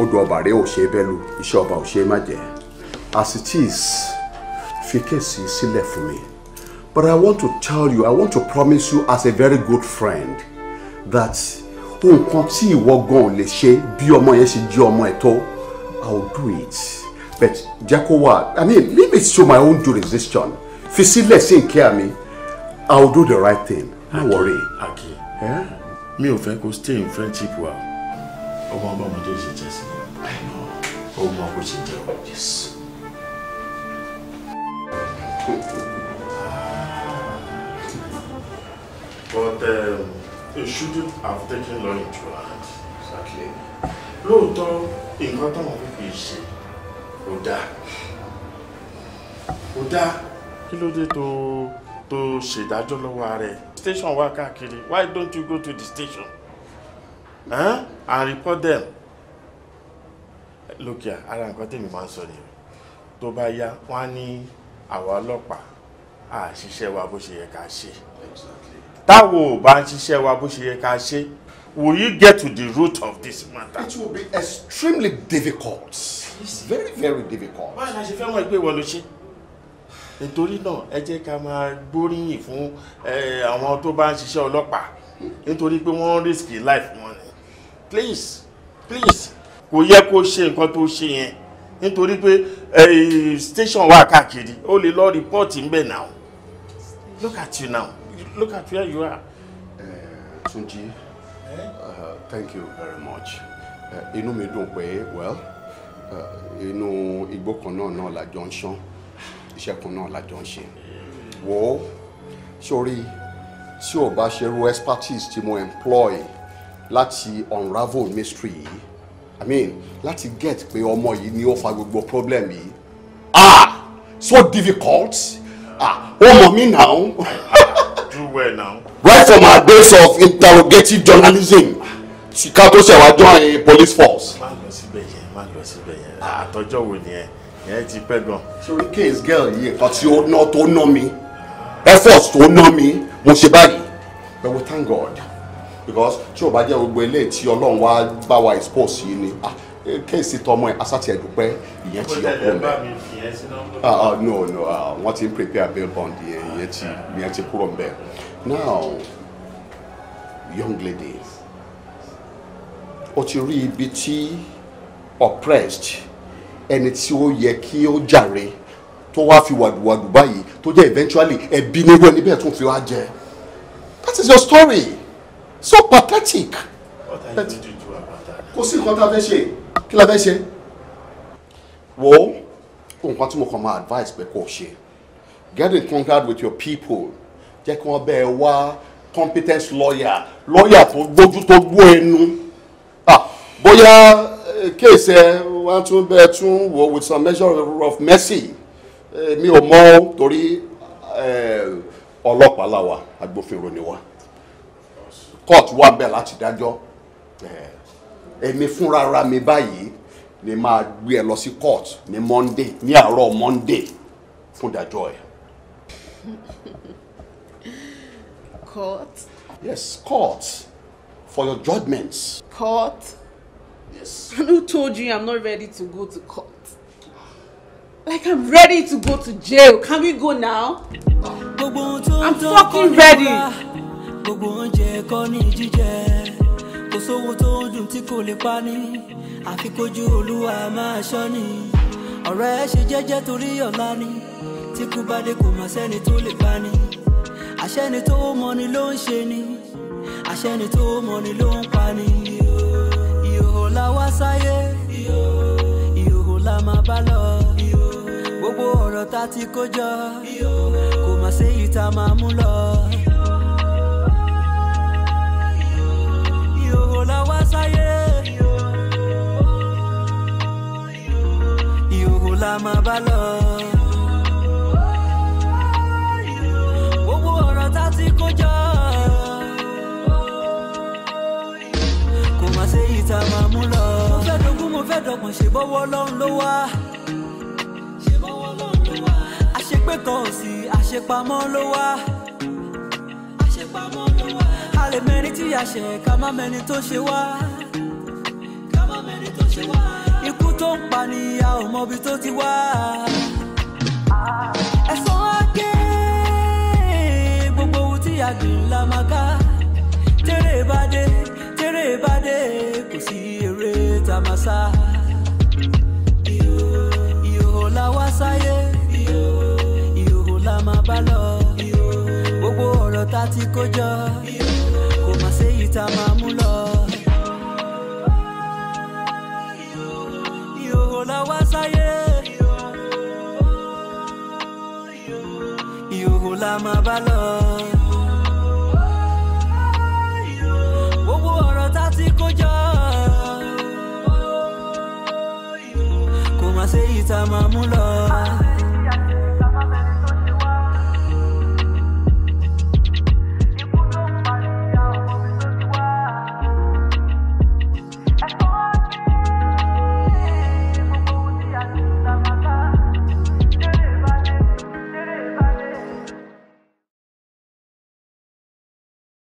odò ọba rẹ ò ṣe é bẹ́ẹ̀ lu iṣẹ́ ọba ò ṣe é má jẹ́ as it is fi kéèsì sílẹ̀ fún mi. But I want to tell you, I want to promise you as a very good friend that nǹkan tí ìwọ gan lè ṣe bí ọmọ yẹn ṣe jẹ́ ọmọ ẹ̀ tó I will do it. But jẹ́ kó wà I mean leave it to my own jurisdiction. Fi sílẹ̀ sí ìkẹ́ mi. I will do the right thing. No worry. Aki. Mi ò fẹ́ kó stay in friendship wa. Ọmọ ọba ọmọdé ṣe jẹ́ sí. Ọmọ ọkọ ṣe jẹ́ o. Yes. Thank you. but um, you shouldn't have taken long into your hand. Exactly. lóòótọ́ nǹkan táwọn pípé ṣe kò dáa kò dáa kí ló dé tó tó ṣèdájọ́ lọ́wọ́ ara station wà káàkiri why don't you go to the station huh? and report them look here ara nǹkan tèmi máa ń sọ nìyẹn tó bá yá wọn á ní àwa ọlọ́pàá àṣìṣe wa bó ṣe yẹ ká ṣe. Exactly táwo ò bá ń ṣiṣẹ́ wa bó ṣe yẹ ká ṣe will you get to the root of this matter. it will be extremely difficult very very difficult. báyìí la ṣe fẹ́ mọ̀ pé ìwọ ló ṣe nítorí náà ẹ jẹ́ ká máa gbóríyìn fún àwọn tó bá ń ṣiṣẹ́ ọlọ́pàá nítorí pé wọ́n risk life wọn ni please please kò yẹ kó ṣe nǹkan tó ṣe yẹn nítorí pé station wà káàkiri ó lè lọ rìpọ́ọ̀tì ń bẹ̀ náà look at you now Look at where you are. Uh, Tunji, uh, thank you very much. Eh, inú mi dùn pé well, inú igbó kan náà náà la jọ ń ṣán, iṣẹ́ kan náà la jọ ń ṣe. Wò ó, sórí tí o bá ṣe irú expertise tí mo employ láti unravel mystery yìí, I mean láti get pé ọmọ yìí ni ó fa gbogbo problem yìí. Ah! So difficult! wọ́n mọ̀ mí náà. do well now. right from our base of interrogative journalism ká tó ṣe wá join police force. má lọ síbẹ̀ yẹn má lọ síbẹ̀ yẹn àtọ́jọ́ wo nìyẹn yẹn ti pẹ́ gan. sori case girl yìí ẹ̀kọ́ tí ó ná tó ná mi effort tó ná mi mo but we thank God because tí o bá jẹ́ gbogbo eléyìí tí Ọlọ́run wá bá wa expose yìí ni ah Eh, kéèsì tọmọ ẹ asátì ẹdùpẹ ìyẹn ti yọ kúrò mbẹ ah, ah, no no ah, wọn ti ń prepare bail bond yẹn ìyẹn ti ìyẹn ti kúrò mbẹ now young lady o ti rí ibi tí oppressed ẹni tí ó yẹ kí ó jàre tó wá fi wàdùwàdù báyìí tó jẹ́ eventually ẹbí níwọ̀ ẹni bẹ́ẹ̀ fi wá jẹ that is your story so pathetic. ọ̀tá yìí ló dùn jù àbàtà. kò sí nǹkan tá a fẹ́ ṣe kí la fẹ́ ṣe. wo nǹkan tí mo kàn máa advice pé kò ṣe get in contact with your people jẹ́ kí wọ́n bẹ́ẹ̀ wá competent lawyer lawyer tó gbójú tó gbó ẹnu bóyá kéèsì eh, ẹ wọ́n tún bẹ́ẹ̀ tún wò with some measure of mercy eh, mi ò mọ̀ ọ́ torí eh, ọlọ́pàá làwà agbófinró ni wá court wà bẹ́ẹ̀ láti dájọ́ èmi fúnra mi báyìí ni máa gbé ẹ lọ sí court ní monday ní àárọ̀ monday fún ìdájọ́ ẹ. court. yes court for your judgments. court. yes. who told you i'm not ready to go to court. Like I'm ready to go to jail. Can we go now? I'm fucking ready kò sóhun tó ń dùn tí kò lè pani àfi kójú olúwa máa ṣọ́ni ọ̀rọ̀ ẹ ṣe jẹ́jẹ́ torí ọ̀la ni tí kú bá dé kò mọ̀ sẹ́ni tó lè pani àṣẹni tó mọ̀ ni ló ń ṣe ni àṣẹni tó mọ̀ ni ló ń pani ìhòòhò la wá sáyé ìhòòhò la máa bá lọ gbogbo ọ̀rọ̀ tá ti kó jọ kò mọ̀ sí ìta máa mú lọ. la máa bá lọ. gbogbo ọ̀rọ̀ tá a ti kó jọ. kò má ṣe yìí tá a máa mú lọ. mo fẹ́ dogún mo fẹ́ dọ̀gbọ̀n ṣe bọ́wọ́ lọ́hún ló wá. àṣepẹ̀tọ̀ òsì àṣepamọ́ ló wá. àṣepamọ́ ló wá. a lè mẹ́rin tí a ṣe ká má mẹ́ni tó ṣe wá. tó ń pa ni a ò mọbi tó ti wá. ẹ̀sán àgé gbogbo ohun tí a la máa ká tẹ́rẹ̀ bá dé tẹ́rẹ̀ bá dé kò sí eré tá máa sá. ìhòòhò la wá sáyé ìhòòhò la máa bá lọ gbogbo ọ̀rọ̀ tá ti kó jọ kò má séyìí tá a máa mú lọ. wo la wá sáyé. Ìhòòhò la máa bá lọ. Gbogbo ọ̀rọ̀ tá ti kó jọ. Kò má ṣe yìí tá máa mú lọ.